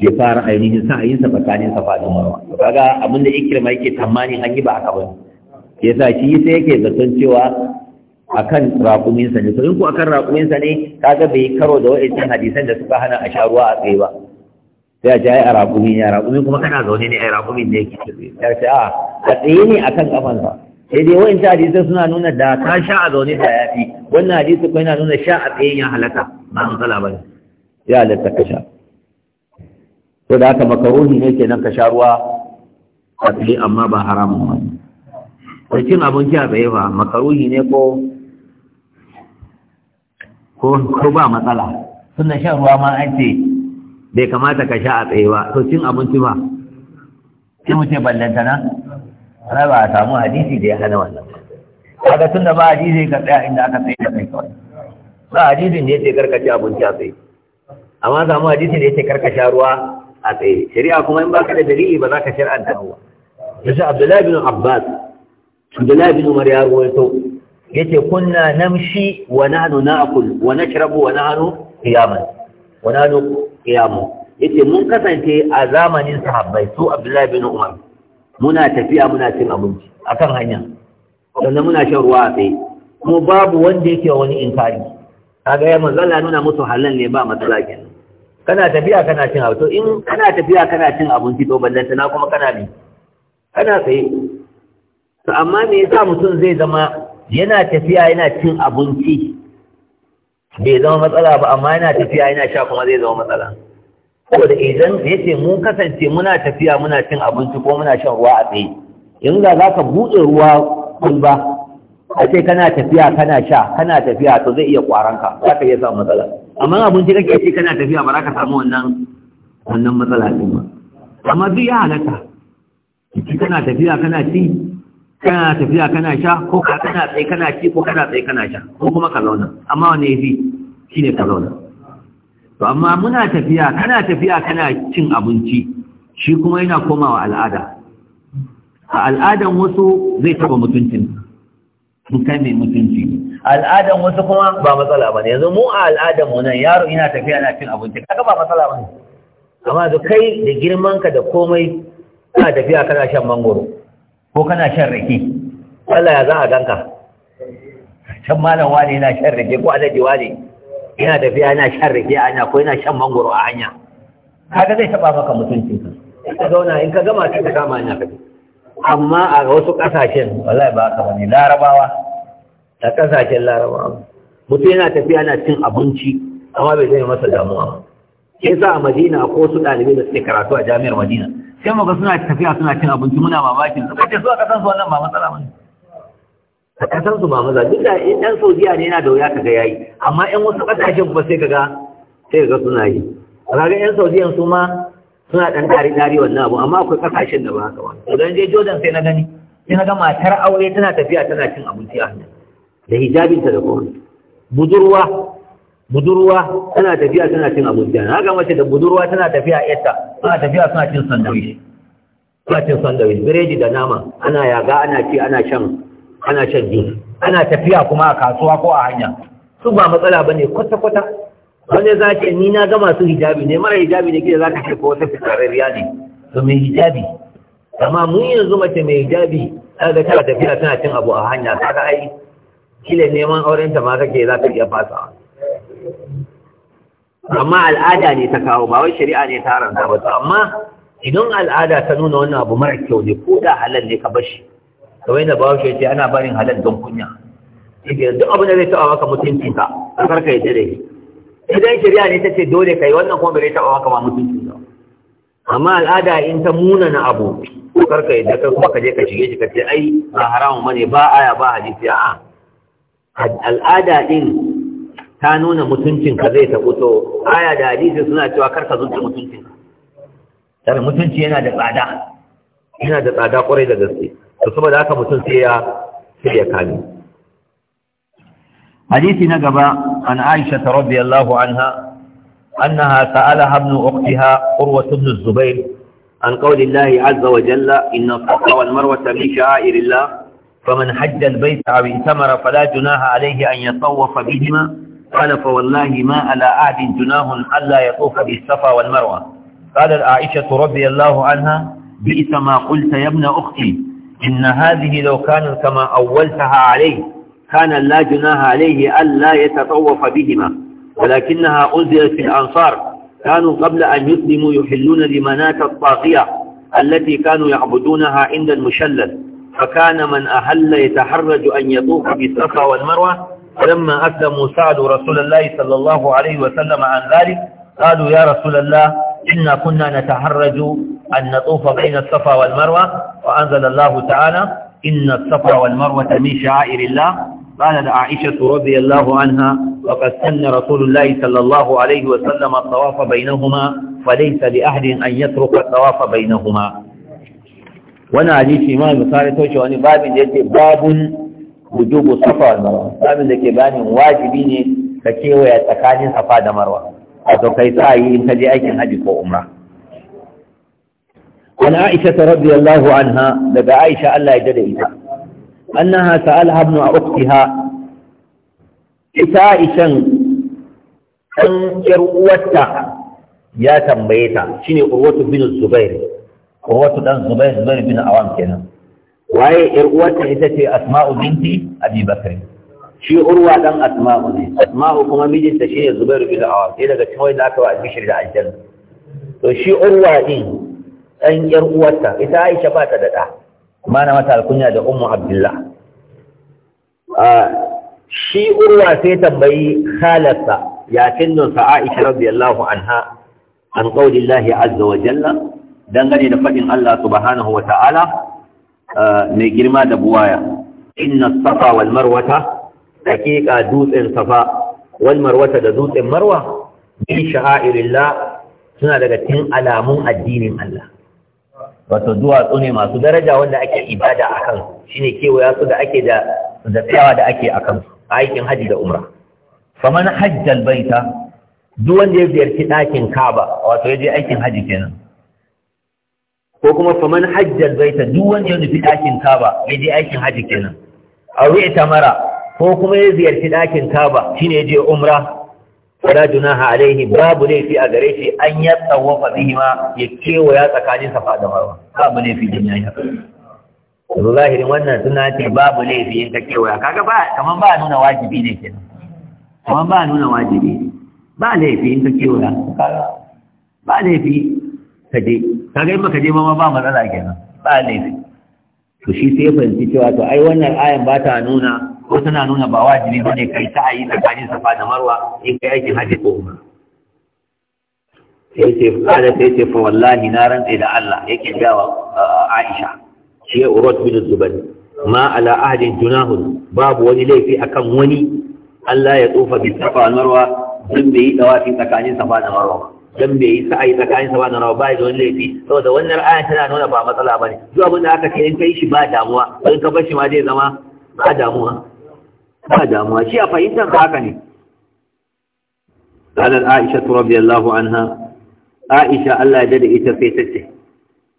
ya fara ainihin sa tsakanin safa da marwa to kaga abin da ikirma yake tamanin an yi ba haka ba. ya sa shi sai yake zaton cewa akan rakuminsa ne to in ko akan rakuminsa ne kaga bai karo da wa'ancan hadisan da suka hana a sha ruwa a tsaye ba sai a ce a rakumi ya a kuma kana zaune ne a rakumin ne yake tsaye ya ce a a tsaye ne akan kafansa sai dai wa'ancan hadisai suna nuna da ta sha a zaune da yafi wannan hadisi kuma yana nuna sha a tsayin ya halaka ba matsala ba ne ya halatta ka sha to da haka makaruhi ne kenan ka sha ruwa a tsaye amma ba haramun ba ne ko cin abinci a tsaye ba makaruhi ne ko ko ba matsala suna shan ruwa ma an ce bai kamata ka sha a tsaye ba to cin abinci ba sai mu ce ballantana ana ba a samu hadisi da ya hana wannan kaga tunda ba hadisi ka tsaya inda aka tsaye da kai kawai ba hadisin da ya ce karkace abinci a tsaye amma samu hadisi da ya ce karkasha ruwa a tsaye shari'a kuma in baka da dalili ba za ka shari'anta hawa yasa abdullahi bin abbas abdullahi bin umar ya ruwaito yace kunna namshi wa nahnu na'kul wa nashrabu wa nahnu qiyaman wa nahnu qiyamu yace mun kasance a zamanin sahabbai su abdullahi bin umar muna tafiya muna cin abinci A kan hanya sannan muna shan ruwa a tsaye kuma babu wanda yake wani inkari kaga ya manzo Allah nuna musu halal ne ba matsala kenan kana tafiya kana cin abinci to in kana tafiya kana cin abinci to ballanta na kuma kana ne kana tsaye to amma me yasa mutum zai zama yana tafiya yana cin abinci bai zama matsala ba amma yana tafiya yana sha kuma zai zama matsala saboda idan ya ce mun kasance muna tafiya muna cin abinci ko muna shan ruwa a tsaye in da za ka buɗe ruwa ba a ce kana tafiya kana sha kana tafiya to zai iya kwaranka za ka iya samun matsala amma abinci kake ce kana tafiya ba za ka samu wannan wannan matsala ɗin ba amma duk ya halatta kana tafiya kana ci kana tafiya kana sha ko kana tsaye kana ci ko kana tsaye kana sha ko kuma ka zauna amma wani ya fi shi ne ka zauna to amma muna tafiya kana tafiya kana cin abinci shi kuma yana komawa al'ada a al'adan wasu zai taba mutuncin sun kai mai mutunci al'adan wasu kuma ba matsala ba ne yanzu mu a al'adan mu nan yaro ina tafiya na cin abinci kaga ba matsala ba ne amma da kai da ka da komai kana tafiya kana shan mangoro ko kana shan rake Allah ya za a ganka can malam wani yana shan rake ko alaji wani yana tafiya yana shan rike a hanya ko yana shan mangoro a hanya kaga zai taba maka mutuncin ka zauna in ka gama sai ka kama hanya ka amma a wasu kasashen wallahi ba ka bane larabawa a kasashen larabawa mutum yana tafiya yana cin abinci amma bai zai masa damuwa ba ke sa a madina ko su ɗalibai da suke karatu a jami'ar madina sai muka suna tafiya suna cin abinci muna mamakin su kace su aka su wannan ba matsala bane a san su ba maza duk da in ɗan saudiya ne yana da wuya kaga yayi amma ƴan wasu ƙasashen kuma sai kaga sai kaga suna yi kaga ƴan saudiyan su ma suna ɗan ɗari ɗari wannan abu amma akwai ƙasashen da ba haka ba idan je jordan sai na gani sai na ga matar aure tana tafiya tana cin abinci a hannu. da ta da kuma budurwa budurwa tana tafiya tana cin abinci a na haka mace da budurwa tana tafiya 'yatta, suna tafiya suna cin sandwich suna cin sandwich biredi da nama ana yaga ana ci ana shan ana shan giya ana tafiya kuma a kasuwa ko a hanya su ba matsala ba ne kwata-kwata wani za ce ni na gama su hijabi ne mara hijabi ne gida za ka ce ko wata fitararriya ne to mai hijabi amma mun yanzu mace mai hijabi ta ga tana tafiya tana cin abu a hanya ta ga ai kila neman auren ta ma kake za ka iya fasa amma al'ada ne ta kawo ba wai shari'a ne ta haramta ba amma idan al'ada ta nuna wannan abu mara kyau ne ko da halal ne ka bashi kamar yadda ba shi ce ana barin halal don kunya yake duk abin da zai taɓa maka mutuncin ka a karka yi da idan shari'a ne ta ce dole kai wannan kuma bai taɓa maka ba mutuncin ka amma al'ada in ta muna na abu Ko karka yi da kai kuma ka je ka shige shi ka ce ai ba haramun ne ba aya ba hadisi a'a al'ada din ta nuna mutuncinka zai ta fito aya da hadisi suna cewa karka zunta mutuncinka tare mutunci yana da tsada yana da tsada kwarai da gaske to saboda haka mutum sai ya sai ya kame hadisi na gaba an Aisha radiyallahu anha annaha sa'alaha ibn ukhtiha Urwa ibn Zubair an qawli Allah azza wa jalla inna safa wal marwa min sha'irillah faman hajja al bayt aw itamara fala junaha alayhi an yatawwafa bihima قال فوالله ما على أحد جناه ألا يطوف بالصفا والمروة قال عائشة رضي الله عنها بئس ما قلت يا ابن أختي إن هذه لو كانت كما أولتها عليه كان لا جناها عليه ألا يتطوف بهما ولكنها أنزلت في الأنصار كانوا قبل أن يسلموا يحلون لمنات الطاغية التي كانوا يعبدونها عند المشلل فكان من أهل يتحرج أن يطوف بالصفا والمروة فلما أسلموا سألوا رسول الله صلى الله عليه وسلم عن ذلك قالوا يا رسول الله إنا كنا نتحرج أن نطوف بين الصفا والمروة وأنزل الله تعالى إن الصفا والمروة من شعائر الله قالت عائشة رضي الله عنها وقد سن رسول الله صلى الله عليه وسلم الطواف بينهما فليس لأحد أن يترك الطواف بينهما وانا حديث ما بخاري توشي وانا باب يجي باب وجوب الصفا والمروة باب لكي بان واجبين فكيوة تكاني صفا والمروة wato kai sa yi in ka je aikin haji ko umra an aisha ta radiyallahu anha daga aisha Allah ya da ita annaha sa'alha ibn uktiha ita aishan dan yar ya tambayeta, ta shine urwatu bin zubair urwatu dan zubair bin awam kenan waye yar ita ce asma'u binti abi shi urwa dan asma'u ne asma'u kuma mijinta shine zubair bin awam sai daga cikin wanda bishir da to shi urwa ɗan yar uwarta ita Aisha ba ta da ɗa mana mata alkunya da ummu Abdullah shi urwa sai tambayi khalarsa ya sa Aisha radiyallahu anha an qaulillahi azza wa jalla dangane da faɗin Allah subhanahu wa ta'ala mai girma da buwaya inna safa wal marwata haƙiƙa dutsen safa wal marwata da dutsen marwa in sha'a'irillah suna daga cikin alamun addinin Allah wato duwatsu ne masu daraja wanda ake ibada a kansu shine kewaya su da ake da tsayawa da ake a kansu a aikin haji da umra faman hajjal baita duk wanda ya ziyarci ɗakin kaba wato ya je aikin haji kenan ko kuma faman hajjal baita duk wanda ya nufi ɗakin kaba ya je aikin haji kenan a wuya mara ko kuma ya ziyarci ɗakin kaba ne ya je umra wala junaha alaihi babu laifi a gare shi an ya tsawafa ma ya kewaya tsakanin safa da marwa babu laifi din yayi haka yanzu zahirin wannan suna ce babu laifi in ka kewaya kaga ba kaman ba nuna wajibi ne kenan kaman ba nuna wajibi ba laifi in ka kewaya kaga ba laifi ka je kaga in baka je ma ba matsala kenan ba laifi to shi sai ya cewa to ai wannan ayan ba ta nuna ko tana nuna ba wajibi ka kai ta ayi tsakanin safa da marwa in yi aikin hajji ko umar. sai ce kada sai ce fa wallahi na rantse da Allah yake gawa uh, Aisha shi ya urot bin zubair ma ala ahdin junahun babu wani laifi akan wani Allah ya tsofa bi safa da marwa dan bai yi dawafi tsakanin safa da marwa dan bai yi sa'ayi tsakanin safa da marwa ba ya wani laifi saboda wannan aya tana nuna ba matsala bane zuwa abin da aka ce in kai shi ba damuwa in ka bar shi ma zai zama ba damuwa ba damuwa shi a fahimtar da haka ne ƙalar aisha tu rabbi allahu anha aisha allah ya dade ita sai tace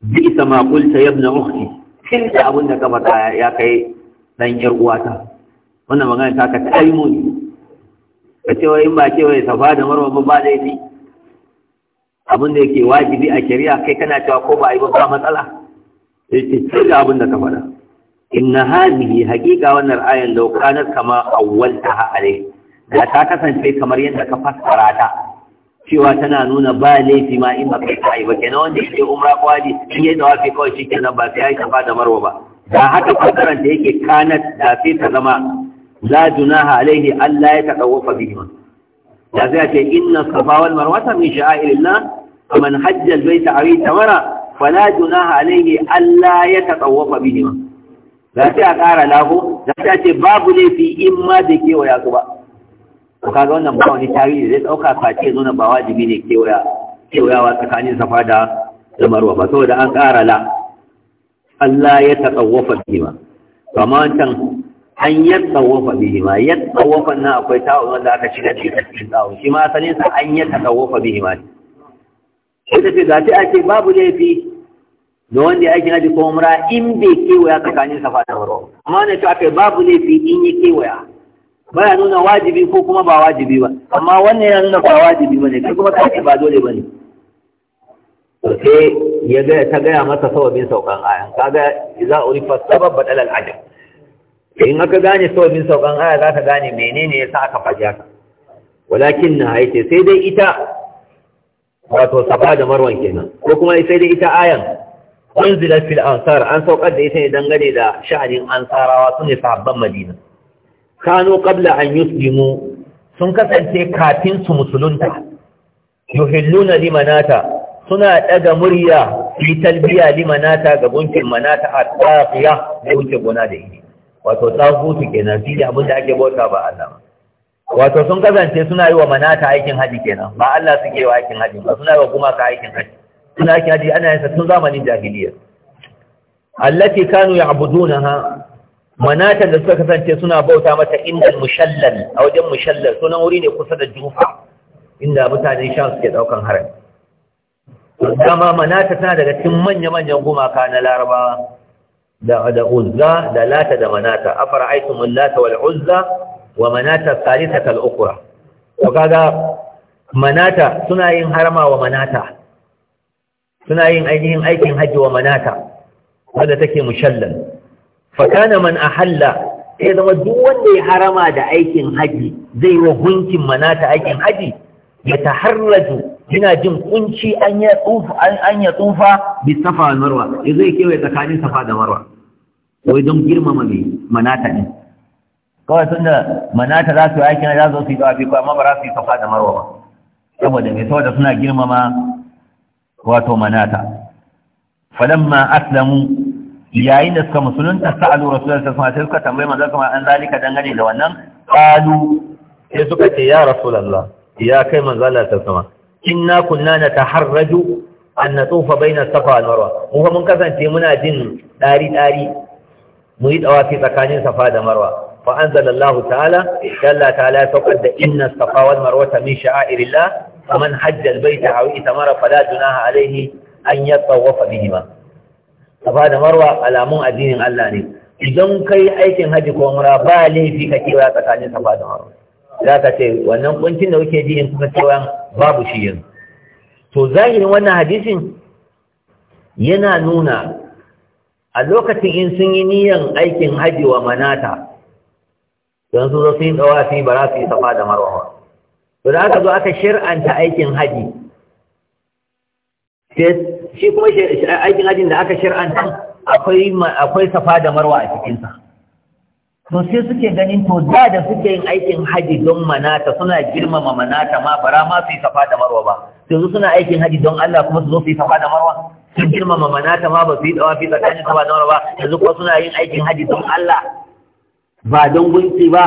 bi ita ma kulta ya ibna ukhti kin da abun da ka faɗa ya kai ɗan ƴar uwata wannan magana ta ka tayi mu ne ka ce wa in ba ke wai safa da marwa ba ba dai abin da ke wajibi a shari'a kai kana cewa ko ba yi ba matsala sai ce ce da abin da ka faɗa inna hadhihi haqiqa wannan ayan law kanat kama awwaltaha alai da ta kasance kamar yadda ka fassara ta cewa tana nuna ba laifi ma in ba kai kai ba kenan wanda yake umra ko haji in yayi dawafi kawai shikenan ba sai ya kafa da marwa ba da haka fassaran da yake kanat da sai ta zama la junaha alaihi Allah ya tadawwafa bihi da sai ce inna safa wal marwa min sha'airillah faman hajja al-bayta aw tamara fala junaha alaihi Allah ya tadawwafa bihi za ta a ƙara lahu za ta ce babu laifi in ma da kewaya su ba ko kaga wannan ba wani tarihi zai ɗauka face zo na ba wajibi ne kewaya kewayawa tsakanin safa da da marwa ba saboda an ƙara la Allah ya bihi ma. kuma wancan an ya bihi ma, ya tsawafa na akwai wannan da aka shiga cikin tsawo shi ma sa an ya taƙawafa ma ne. Ita ce za ta ce babu laifi da wanda ya aikin haji ko umra in bai kewaya tsakanin safa da marwa amma ne to akai babu laifi in yi kewaya baya nuna wajibi ko kuma ba wajibi ba amma wannan yana nuna ba wajibi ba ne, kai kuma kai ba dole bane to sai ya ga ta gaya masa sawabin saukan ayan kaga idza urifa sabab badal al ajab in aka gane sawabin saukan aya za ka gane menene yasa aka faɗi haka walakin na haice sai dai ita wato safa da marwan kenan ko kuma sai dai ita ayan unzilat fil ansar an saukar da ita ne dangane da sha'anin ansarawa sune sahabban madina kanu qabla an yuslimu sun kasance kafin su musulunta yuhilluna limanata suna daga murya fi talbiya limanata ga gunkin manata a tsafiya da wuce gona da ini wato tsafutu kenan shi abin da ake bauta ba Allah wato sun kasance suna yi wa manata aikin haji kenan ba Allah suke yi wa aikin haji ba suna yi wa gumaka aikin haji suna ake haji ana yin tun zamanin jahiliya allati kanu ya'budunaha manatan da suka kasance suna bauta mata inda mushallal a wajen mushallal sunan wuri ne kusa da jufa inda mutane shan suke daukan harami kama manata tana daga cikin manya-manyan gumaka na larabawa da da uzza da lata da manata afara aitumul lata wal uzza wa manata thalithata al ukhra to kaga manata suna yin harama wa manata suna yin ainihin aikin hajji wa manata wadda take mushallal fakana man ahalla sai zama duk wanda ya harama da aikin haji zai wa gunkin manata aikin haji ya taharraju yana jin kunci an ya tsufa an ya tsufa bi safa wal marwa ya zai kewaye tsakanin safa da marwa wai don girmama mai manata ne kawai tunda manata za su yi aikin za su yi dawafi ko amma ba za su yi safa da marwa ba saboda mai saboda suna girmama wato manata falamma aslamu yayin da suka musulunta sa'alu rasulullahi sallallahu alaihi wasallam suka tambaye manzo kuma an zalika dangane da wannan qalu sai suka ce ya rasulullah ya kai manzo Allah ta sama inna kunna nataharraju an natufa baina safa wal marwa mu mun kasance muna jin dari dari mu yi dawafi tsakanin safa da marwa فأنزل الله تعالى جل تعالى فقد إن الصفا والمروة من شعائر الله faman hajjal bai ta baita mara itamara fala junaha alaihi an yatawafa bihima ba. da marwa alamun addinin Allah ne idan kai aikin hajji ko umra ba laifi ka kewa tsakanin safa da marwa za ka ce wannan kuncin da kuke ji in kuka kewa babu shi yanzu to zahirin wannan hadisin yana nuna a lokacin in sun yi niyan aikin hajji wa manata don su zo sun yi ba za su yi safa da marwa ba. to da aka zo aka shir'anta aikin haji shi kuma aikin hajin da aka shir'anta akwai akwai safa da marwa a cikinsa to sai suke ganin to da da suke yin aikin haji don manata suna girmama manata ma bara ma su yi safa da marwa ba su suna aikin haji don Allah kuma su zo su yi safa da marwa sun girmama manata ma ba su yi dawa fi tsakanin safa da marwa ba yanzu kuma suna yin aikin haji don Allah ba don gunki ba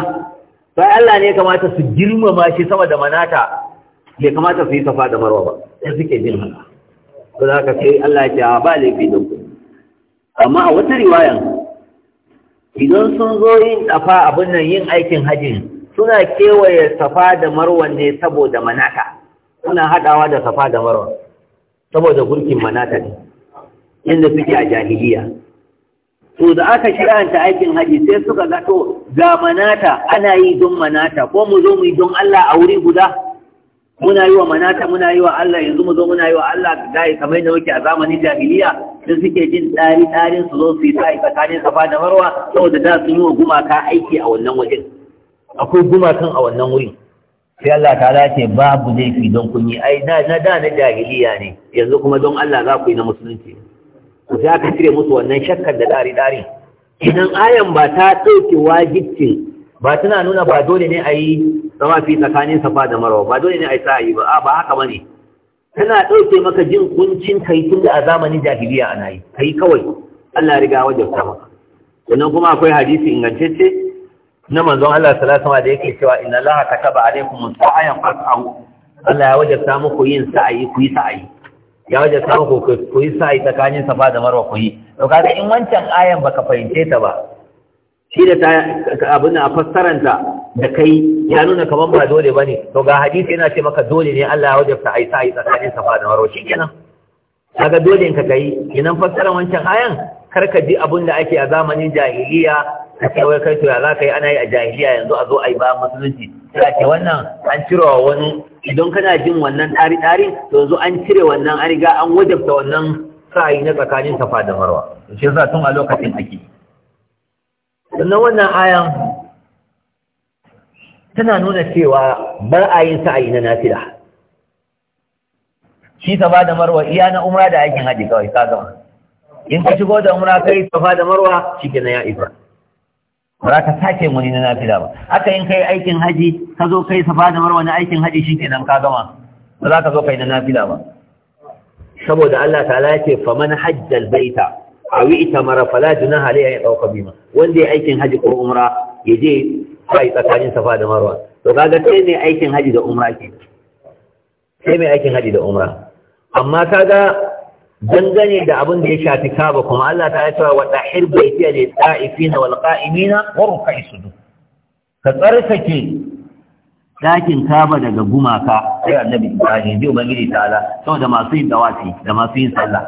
sai Allah ne kamata su girmama shi sama da manata bai kamata su yi safa da marwa ba sai suke jin haka ko za ka sai Allah ya ce ba laifi da ku amma a wata riwayan idan sun zo yin safa abin nan yin aikin hajji suna kewaye safa da marwa ne saboda manata suna hadawa da safa da marwa saboda gurkin manata ne inda suke a jahiliya to da aka ta aikin haji sai suka ga to ga manata ana yi don manata ko mu zo mu yi don Allah a wuri guda muna yi wa manata muna yi wa Allah yanzu mu zo muna yi wa Allah gai kamar da muke a zamanin jahiliya da suke jin dari tsarin su zo su yi sa'i tsakanin safa da marwa saboda da su yi wa gumaka aiki a wannan wajen akwai gumakan a wannan wuri sai Allah ta ce babu laifi don kun yi ai na da na jahiliya ne yanzu kuma don Allah za ku yi na musulunci to sai aka cire musu wannan shakkar da dari dari idan ayan ba ta ɗauke wajibcin ba tana nuna ba dole ne a yi zama fi tsakanin safa da marwa ba dole ne a yi yi ba a ba haka ba ne tana ɗauke maka jin kuncin kai tun da a zamanin jahiliya ana yi kai kawai Allah ya riga ta maka sannan kuma akwai hadisi ingantacce na manzon Allah sallallahu alaihi wasallam da yake cewa inna Allah kataba alaikum sa'ayan fas'au Allah ya wajabta muku yin sa'ayi ku yi sa'ayi ya waje samu ku yi sa'i tsakanin safa da marwa ku yi to in wancan ayan baka fahimce ta ba shi da ta abin a fassaranta da kai ya nuna kamar ba dole bane to ga hadisi yana ce maka dole ne Allah ya wajabta yi sa'i tsakanin safa da marwa kenan kaga dole in ka kai idan fassaran wancan ayan kar ka ji abin da ake a zamanin jahiliya a ce wai kai ya za ka yi ana yi a jahiliya yanzu a zo a yi ba musulunci sai a ce wannan an cire wa wani idan kana jin wannan tari tari to yanzu an cire wannan an riga an wajabta wannan sa'ayi na tsakanin safa da marwa to shi yasa tun a lokacin ake sannan wannan ayan tana nuna cewa bar a yin sa'ayi na nafila shi safa da marwa iya na umra da aikin haji kawai ka gama in ka shigo da umra kai safa da marwa shi ke na ya ifa ba za ka sake wani na nafila ba aka yin kai aikin haji ka zo kai safa da marwa na aikin haji shi kenan ka gama ba za ka zo kai na nafila ba saboda Allah ta ala ce faman hajjal baita awi mara fala junaha alayhi ya dauka bima wanda ya aikin haji ko umra ya je kai tsakanin safa da marwa to kaga sai ne aikin haji da umra ke sai mai aikin haji da umra amma kaga dangane da abin da ya shafi kaba kuma Allah ta yi cewa wata hirba ya ne ta'ifina wal qa'imina wa su du ka tsarkake dakin kaba daga gumaka sai annabi Ibrahim ta ubangiji ta'ala saboda masu yin dawafi da masu yin sallah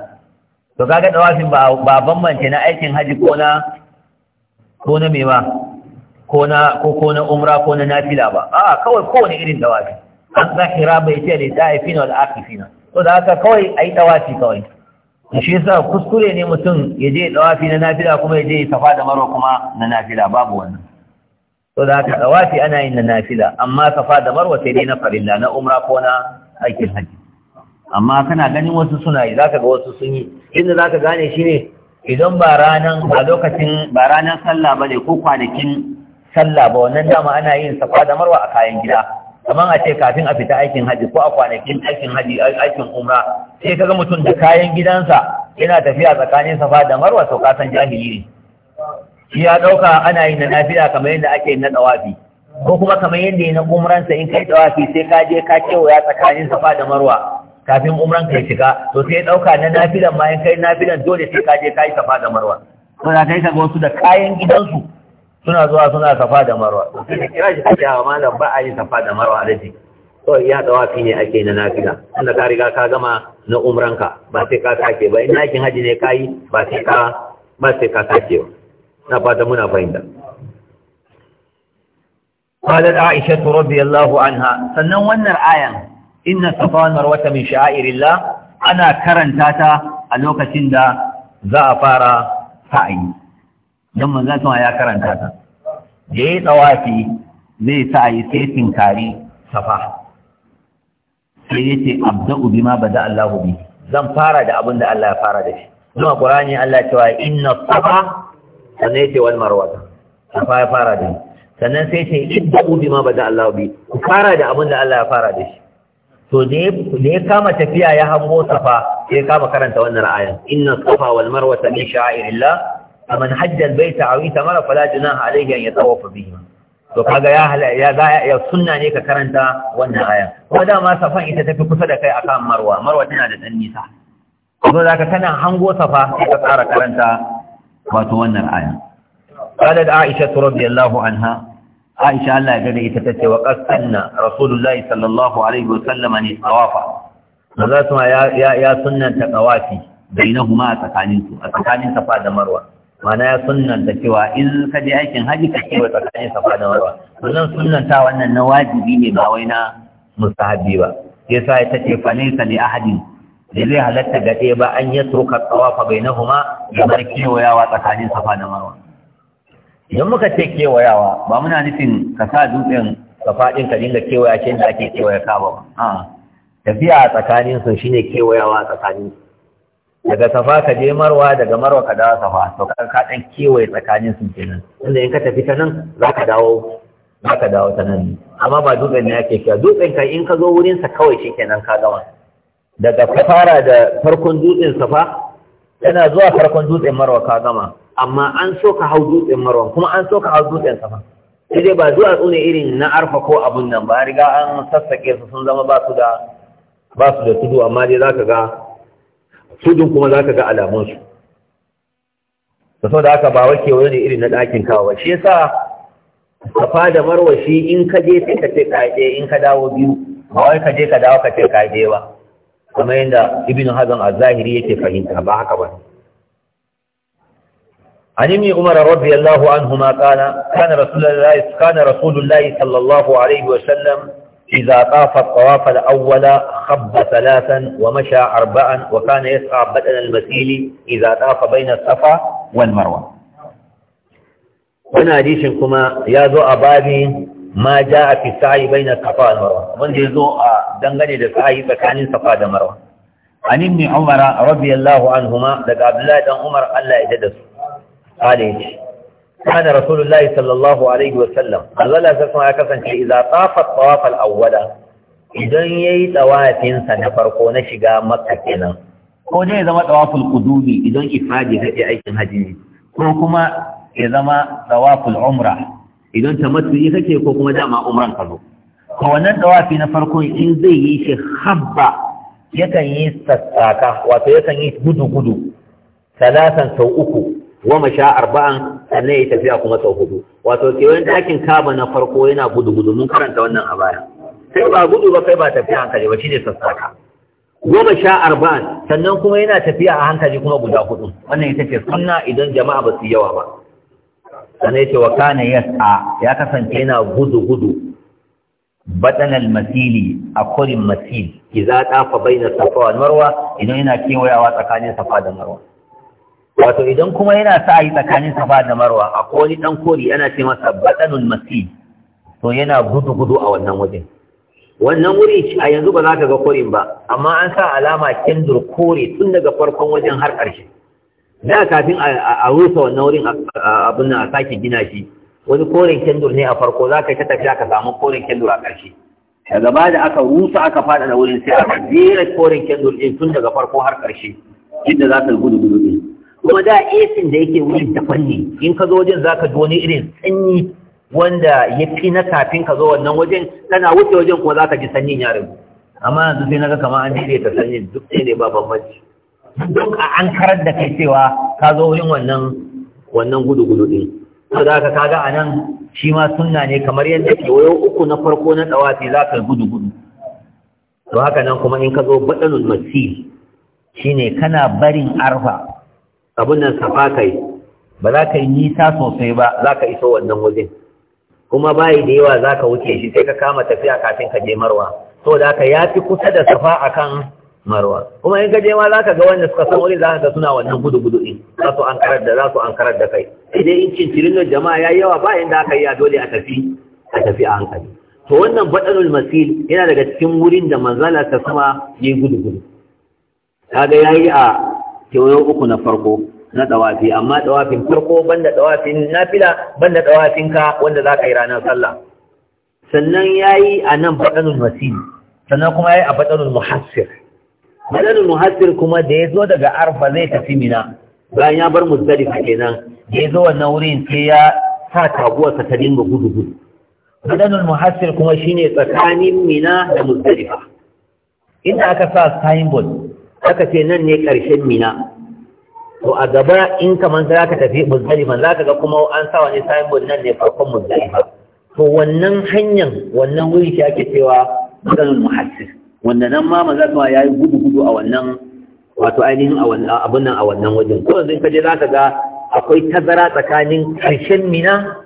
to kaga dawafin ba bambance na aikin haji ko na ko na mewa ko na ko ko na umra ko na nafila ba a kawai kowane irin dawafi an zahira bai ce ne ta'ifina wal aqifina to da haka kawai ai ɗawafi kawai shi yasa kuskure ne mutum ya je dawafi na nafila kuma ya je safa da marwa kuma na nafila babu wannan to da haka dawafi ana yin na nafila amma safa da marwa sai dai na farilla na umra ko na aikin haji amma kana ganin wasu suna yi zaka ga wasu sun yi inda zaka gane shi ne, idan ba ranan a lokacin ba ranan sallah bane ko kwanakin sallah ba wannan dama ana yin safa da marwa a kayan gida kamar a ce kafin a fita aikin haji ko a kwanakin aikin haji aikin umra sai kaga mutum da kayan gidansa yana tafiya tsakanin safa da marwa to kasan jahili ne shi ya dauka ana yin na nafila kamar yadda ake yin na dawafi ko kuma kamar yadda ya na umransa in kai dawafi sai ka je ka kewaya tsakanin safa da marwa kafin umran kai shiga to sai ya dauka na nafilan ma in kai nafilan dole sai ka je yi safa da marwa to da kai kaga wasu da kayan gidansu suna zuwa suna safa da marwa kira shi ake hawa malam ba a yi safa da marwa a rafi to ya dawafi ne ake na nafila inda ka riga ka gama na umranka ba sai ka sake ba in aikin haji ne yi ba sai ka ba sai ka sake ba na fata muna fahimta قالت عائشة رضي الله عنها سنن wannan ayan inna safa wal marwa min sha'airillah ana karanta ta a lokacin da za a fara sa'ayi. don manzan sama ya karanta ta da ya yi tsawafi zai sa yi sai tinkari safa sai ya ce abda'u ma bada Allahu bi zan fara da abin da Allah ya fara da shi kuma Qur'ani Allah cewa inna safa sannan ce wal marwa safa ya fara da shi sannan sai ce idda'u ma bada Allahu bi ku fara da abin da Allah ya fara da shi to da ya kama tafiya ya hango safa sai ya kama karanta wannan ayan inna safa wal marwa min sha'irillah faman hajjal baita aw itamara fala junaha alayhi an yatawafa bihi to kaga ya ya ya sunna ne ka karanta wannan aya kuma dama safan ita tafi kusa da kai akan marwa marwa tana da dan nisa kuma zaka kana hango safa ka tsara karanta wato wannan aya قالت عائشة رضي الله عنها عائشة الله يقول إتتت وقد سنى رسول الله صلى الله عليه وسلم أن الطواف فذاتما يا يا سنة تقواتي بينهما أتقانين أتقانين da Marwa. mana ya sunanta cewa in ka je aikin haji ka kewa tsakanin safa da marwa wannan sunanta wannan na wajibi ne ba wai na mustahabi ba yasa ita ce fa ne sani ahadin da zai halatta ga ɗaya ba an yi turka tsawafa bai na kuma ya bar kewayawa tsakanin safa da marwa idan muka ce kewayawa ba muna nufin ka sa dutsen safa ɗin ka dinga kewaya shi da ake kewaya kaba ba a tafiya a tsakanin su shine kewayawa tsakanin su daga safa ka je marwa daga marwa ka dawo safa to kan ka dan kewaye tsakanin su kenan inda in ka tafi ta nan za ka dawo za ka dawo ta nan amma ba dutsen ne ake kiya dutsen ka in ka zo wurin sa kawai kenan ka gama daga fara da farkon dutsen safa yana zuwa farkon dutsen marwa ka gama amma an so ka hau dutsen marwa kuma an so ka hau dutsen safa sai dai ba zuwa tsune irin na arfa ko abun nan ba riga an sassake su sun zama ba su da ba su da tudu amma dai za ka ga su kuma za ka ga alamunsu da sau da aka ba wake wani irin na ɗakin kawo shi yasa safa da marwa shi in ka je sai ka ce kaje in ka dawo biyu ba wai ka je ka dawo ka ce kaje ba kamar yadda ibn hazan a zahiri yake fahimta ba haka ba عن ابن عمر رضي الله عنهما قال كان رسول الله كان رسول الله إذا طاف الطواف الأول خب ثلاثا ومشى أربعا وكان يسعى بدل المسيل إذا طاف بين الصفا والمروة هنا حديثكما يا ذو أبابي ما جاء في السعي بين الصفا والمروة من ذي ذو دنغني للسعي فكان الصفا والمروة عن ابن عمر رضي الله عنهما لك عبد الله بن عمر الله يددس قال كان رسول الله صلى الله عليه وسلم قال لا تسمع كفن إذا طاف الطواف الأول إذن يي طوافين سنفرقو نشغا مكة كنا ko dai ya zama tawaful qudumi idan ifadi kake aikin haji ne ko kuma ya zama tawaful umra idan tamattu'i kake ko kuma dama umran ka zo ko na farko in zai yi shi habba yakan yi sassaka wato yakan yi gudu gudu salatan uku wa masha arba'an sannan ya tafiya kuma sau hudu wato kewayen ɗakin kaba na farko yana gudu gudu mun karanta wannan a baya Sai ba gudu ba kai ba tafiya hankali ba shine sassaka goma sha arba'in sannan kuma yana tafiya a hankali kuma guda hudu wannan ita ce sunna idan jama'a ba su yawa ba sannan ya ce wa kana yas'a ya kasance yana gudu gudu batan almasili a kurin masil fa bai baina safa wal marwa idan yana kewayawa tsakanin safa da marwa wato idan kuma yana sa yi tsakanin safa da marwa a wani dan kori ana ce masa batsanul masi to yana gudu gudu a wannan wajen wannan wuri a yanzu ba za ka ga korin ba amma an sa alama kendur kore tun daga farkon wajen har ƙarshe da kafin a rusa wannan wurin abin nan a sake gina shi wani koren kendur ne a farko za ka ta tafi ka samu koren kendur a ƙarshe daga gaba da aka rusa aka faɗa da wurin sai aka jera koren kendur ɗin tun daga farko har ƙarshe inda za ka gudu gudu ɗin kuma da esin da yake wurin ta ne in ka zo wajen za ka wani irin sanyi wanda ya fi na kafin ka zo wannan wajen kana wuce wajen kuma za ka ji sanyin ya rabu amma yanzu sai naga kamar an jire ta sanyi duk sai ne ba bambanci duk a an karar da kai cewa ka zo wurin wannan wannan gudu gudu din to da ka ga anan shi ma sunna ne kamar yadda ke wayo uku na farko na tsawafi za ka gudu gudu to haka nan kuma in ka zo baɗanul masir shine kana barin arfa abin nan safa kai ba za ka yi nisa sosai ba za ka iso wannan wajen kuma bayi da yawa za ka wuce shi sai ka kama tafiya kafin ka je marwa to da ka yafi kusa da safa akan marwa kuma in ka je ma za ka ga wanda suka san wuri za ka ga suna wannan gudu gudu din za su an karar da za su an karar da kai idan in cincirin jama'a ya yawa ba inda aka yi a dole a tafi a tafi a hankali to wannan baɗanul masil yana daga cikin wurin da manzala ta sama ya yi gudu-gudu kaga ya yi a kewayo uku na farko na dawafi amma dawafin farko banda dawafin nafila banda dawafin ka wanda za ka yi ranar sallah sannan ya yi a nan baɗanul wasili sannan kuma ya yi a baɗanul muhassir baɗanul muhassir kuma da ya zo daga arfa zai tafi mina bayan ya bar musdalifa kenan da ya zo wannan wurin sai ya sa taguwarsa ta dinga gudu gudu baɗanul muhassir kuma shine tsakanin mina da musdalifa inda aka sa signboard aka ce nan ne ƙarshen mina to a gaba in kaman za ka tafi muzdalifa za ka ga kuma an sa wani signboard nan ne farkon muzdalifa to wannan hanyar wannan wuri shi ake cewa maganin muhassir wanda nan ma maza kuma ya yi gudu gudu a wannan wato ainihin nan a wannan wajen ko yanzu ka je za ka ga akwai tazara tsakanin ƙarshen mina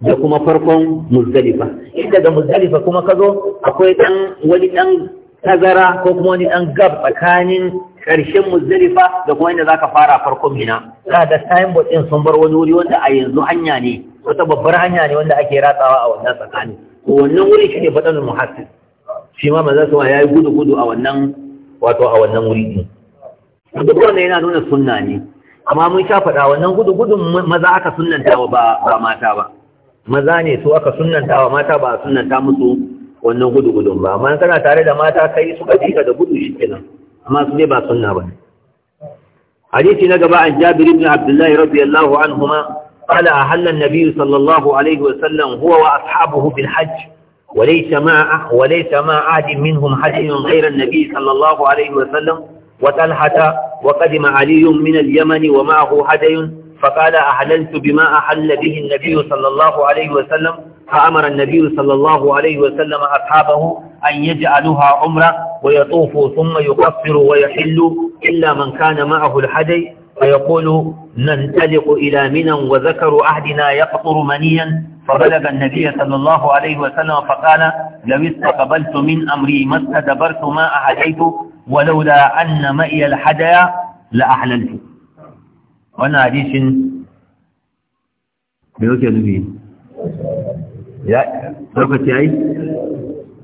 da kuma farkon muzdalifa in daga muzdalifa kuma ka zo akwai ɗan wani ɗan tazara ko kuma wani ɗan gab tsakanin ƙarshen muzdalifa da kuma inda zaka fara farkon mina za da signboard ɗin sun bar wani wuri wanda a yanzu hanya ne wata babbar hanya ne wanda ake ratsawa a wannan tsakani wannan wuri shine fadanul muhassis shi ma manzo sama yayi gudu gudu a wannan wato a wannan wuri din duk ne yana nuna sunna ne amma mun sha faɗa wannan gudu gudu maza aka sunanta ba ba mata ba maza ne su aka sunanta wa mata ba sunnanta musu wannan gudu-gudun ba amma kana tare da mata kai su kadika da gudu shi kenan amma su ne ba sunna ba hadisi na gaba an jabir ibn abdullahi radiyallahu anhuma qala ahalla an-nabiy sallallahu alayhi wa sallam huwa wa ashabuhu bil hajj wa laysa ma ah, wa laysa ma ahad minhum hajjun ghayra an-nabiy sallallahu alayhi wa sallam wa talhata wa kadima Aliyun min Yamani wa ma'ahu hadayun فقال أحللت بما أحل به النبي صلى الله عليه وسلم فأمر النبي صلى الله عليه وسلم أصحابه أن يجعلوها عمرة ويطوفوا ثم يقصروا ويحلوا إلا من كان معه الحدي فيقول ننطلق إلى منى وذكر عهدنا يقطر منيا فبلغ النبي صلى الله عليه وسلم فقال لو استقبلت من أمري ما استدبرت ما أهديت ولولا أن مئي الحديا لأحللت وانا حديث بيوتي نبي ya lokaci yayi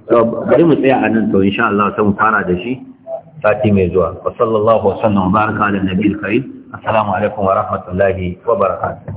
to bari mu tsaya a nan to insha Allah sai mu fara da shi sati mai zuwa wa sallallahu wa sallam baraka ala nabiyil karim assalamu alaikum wa rahmatullahi wa barakatuh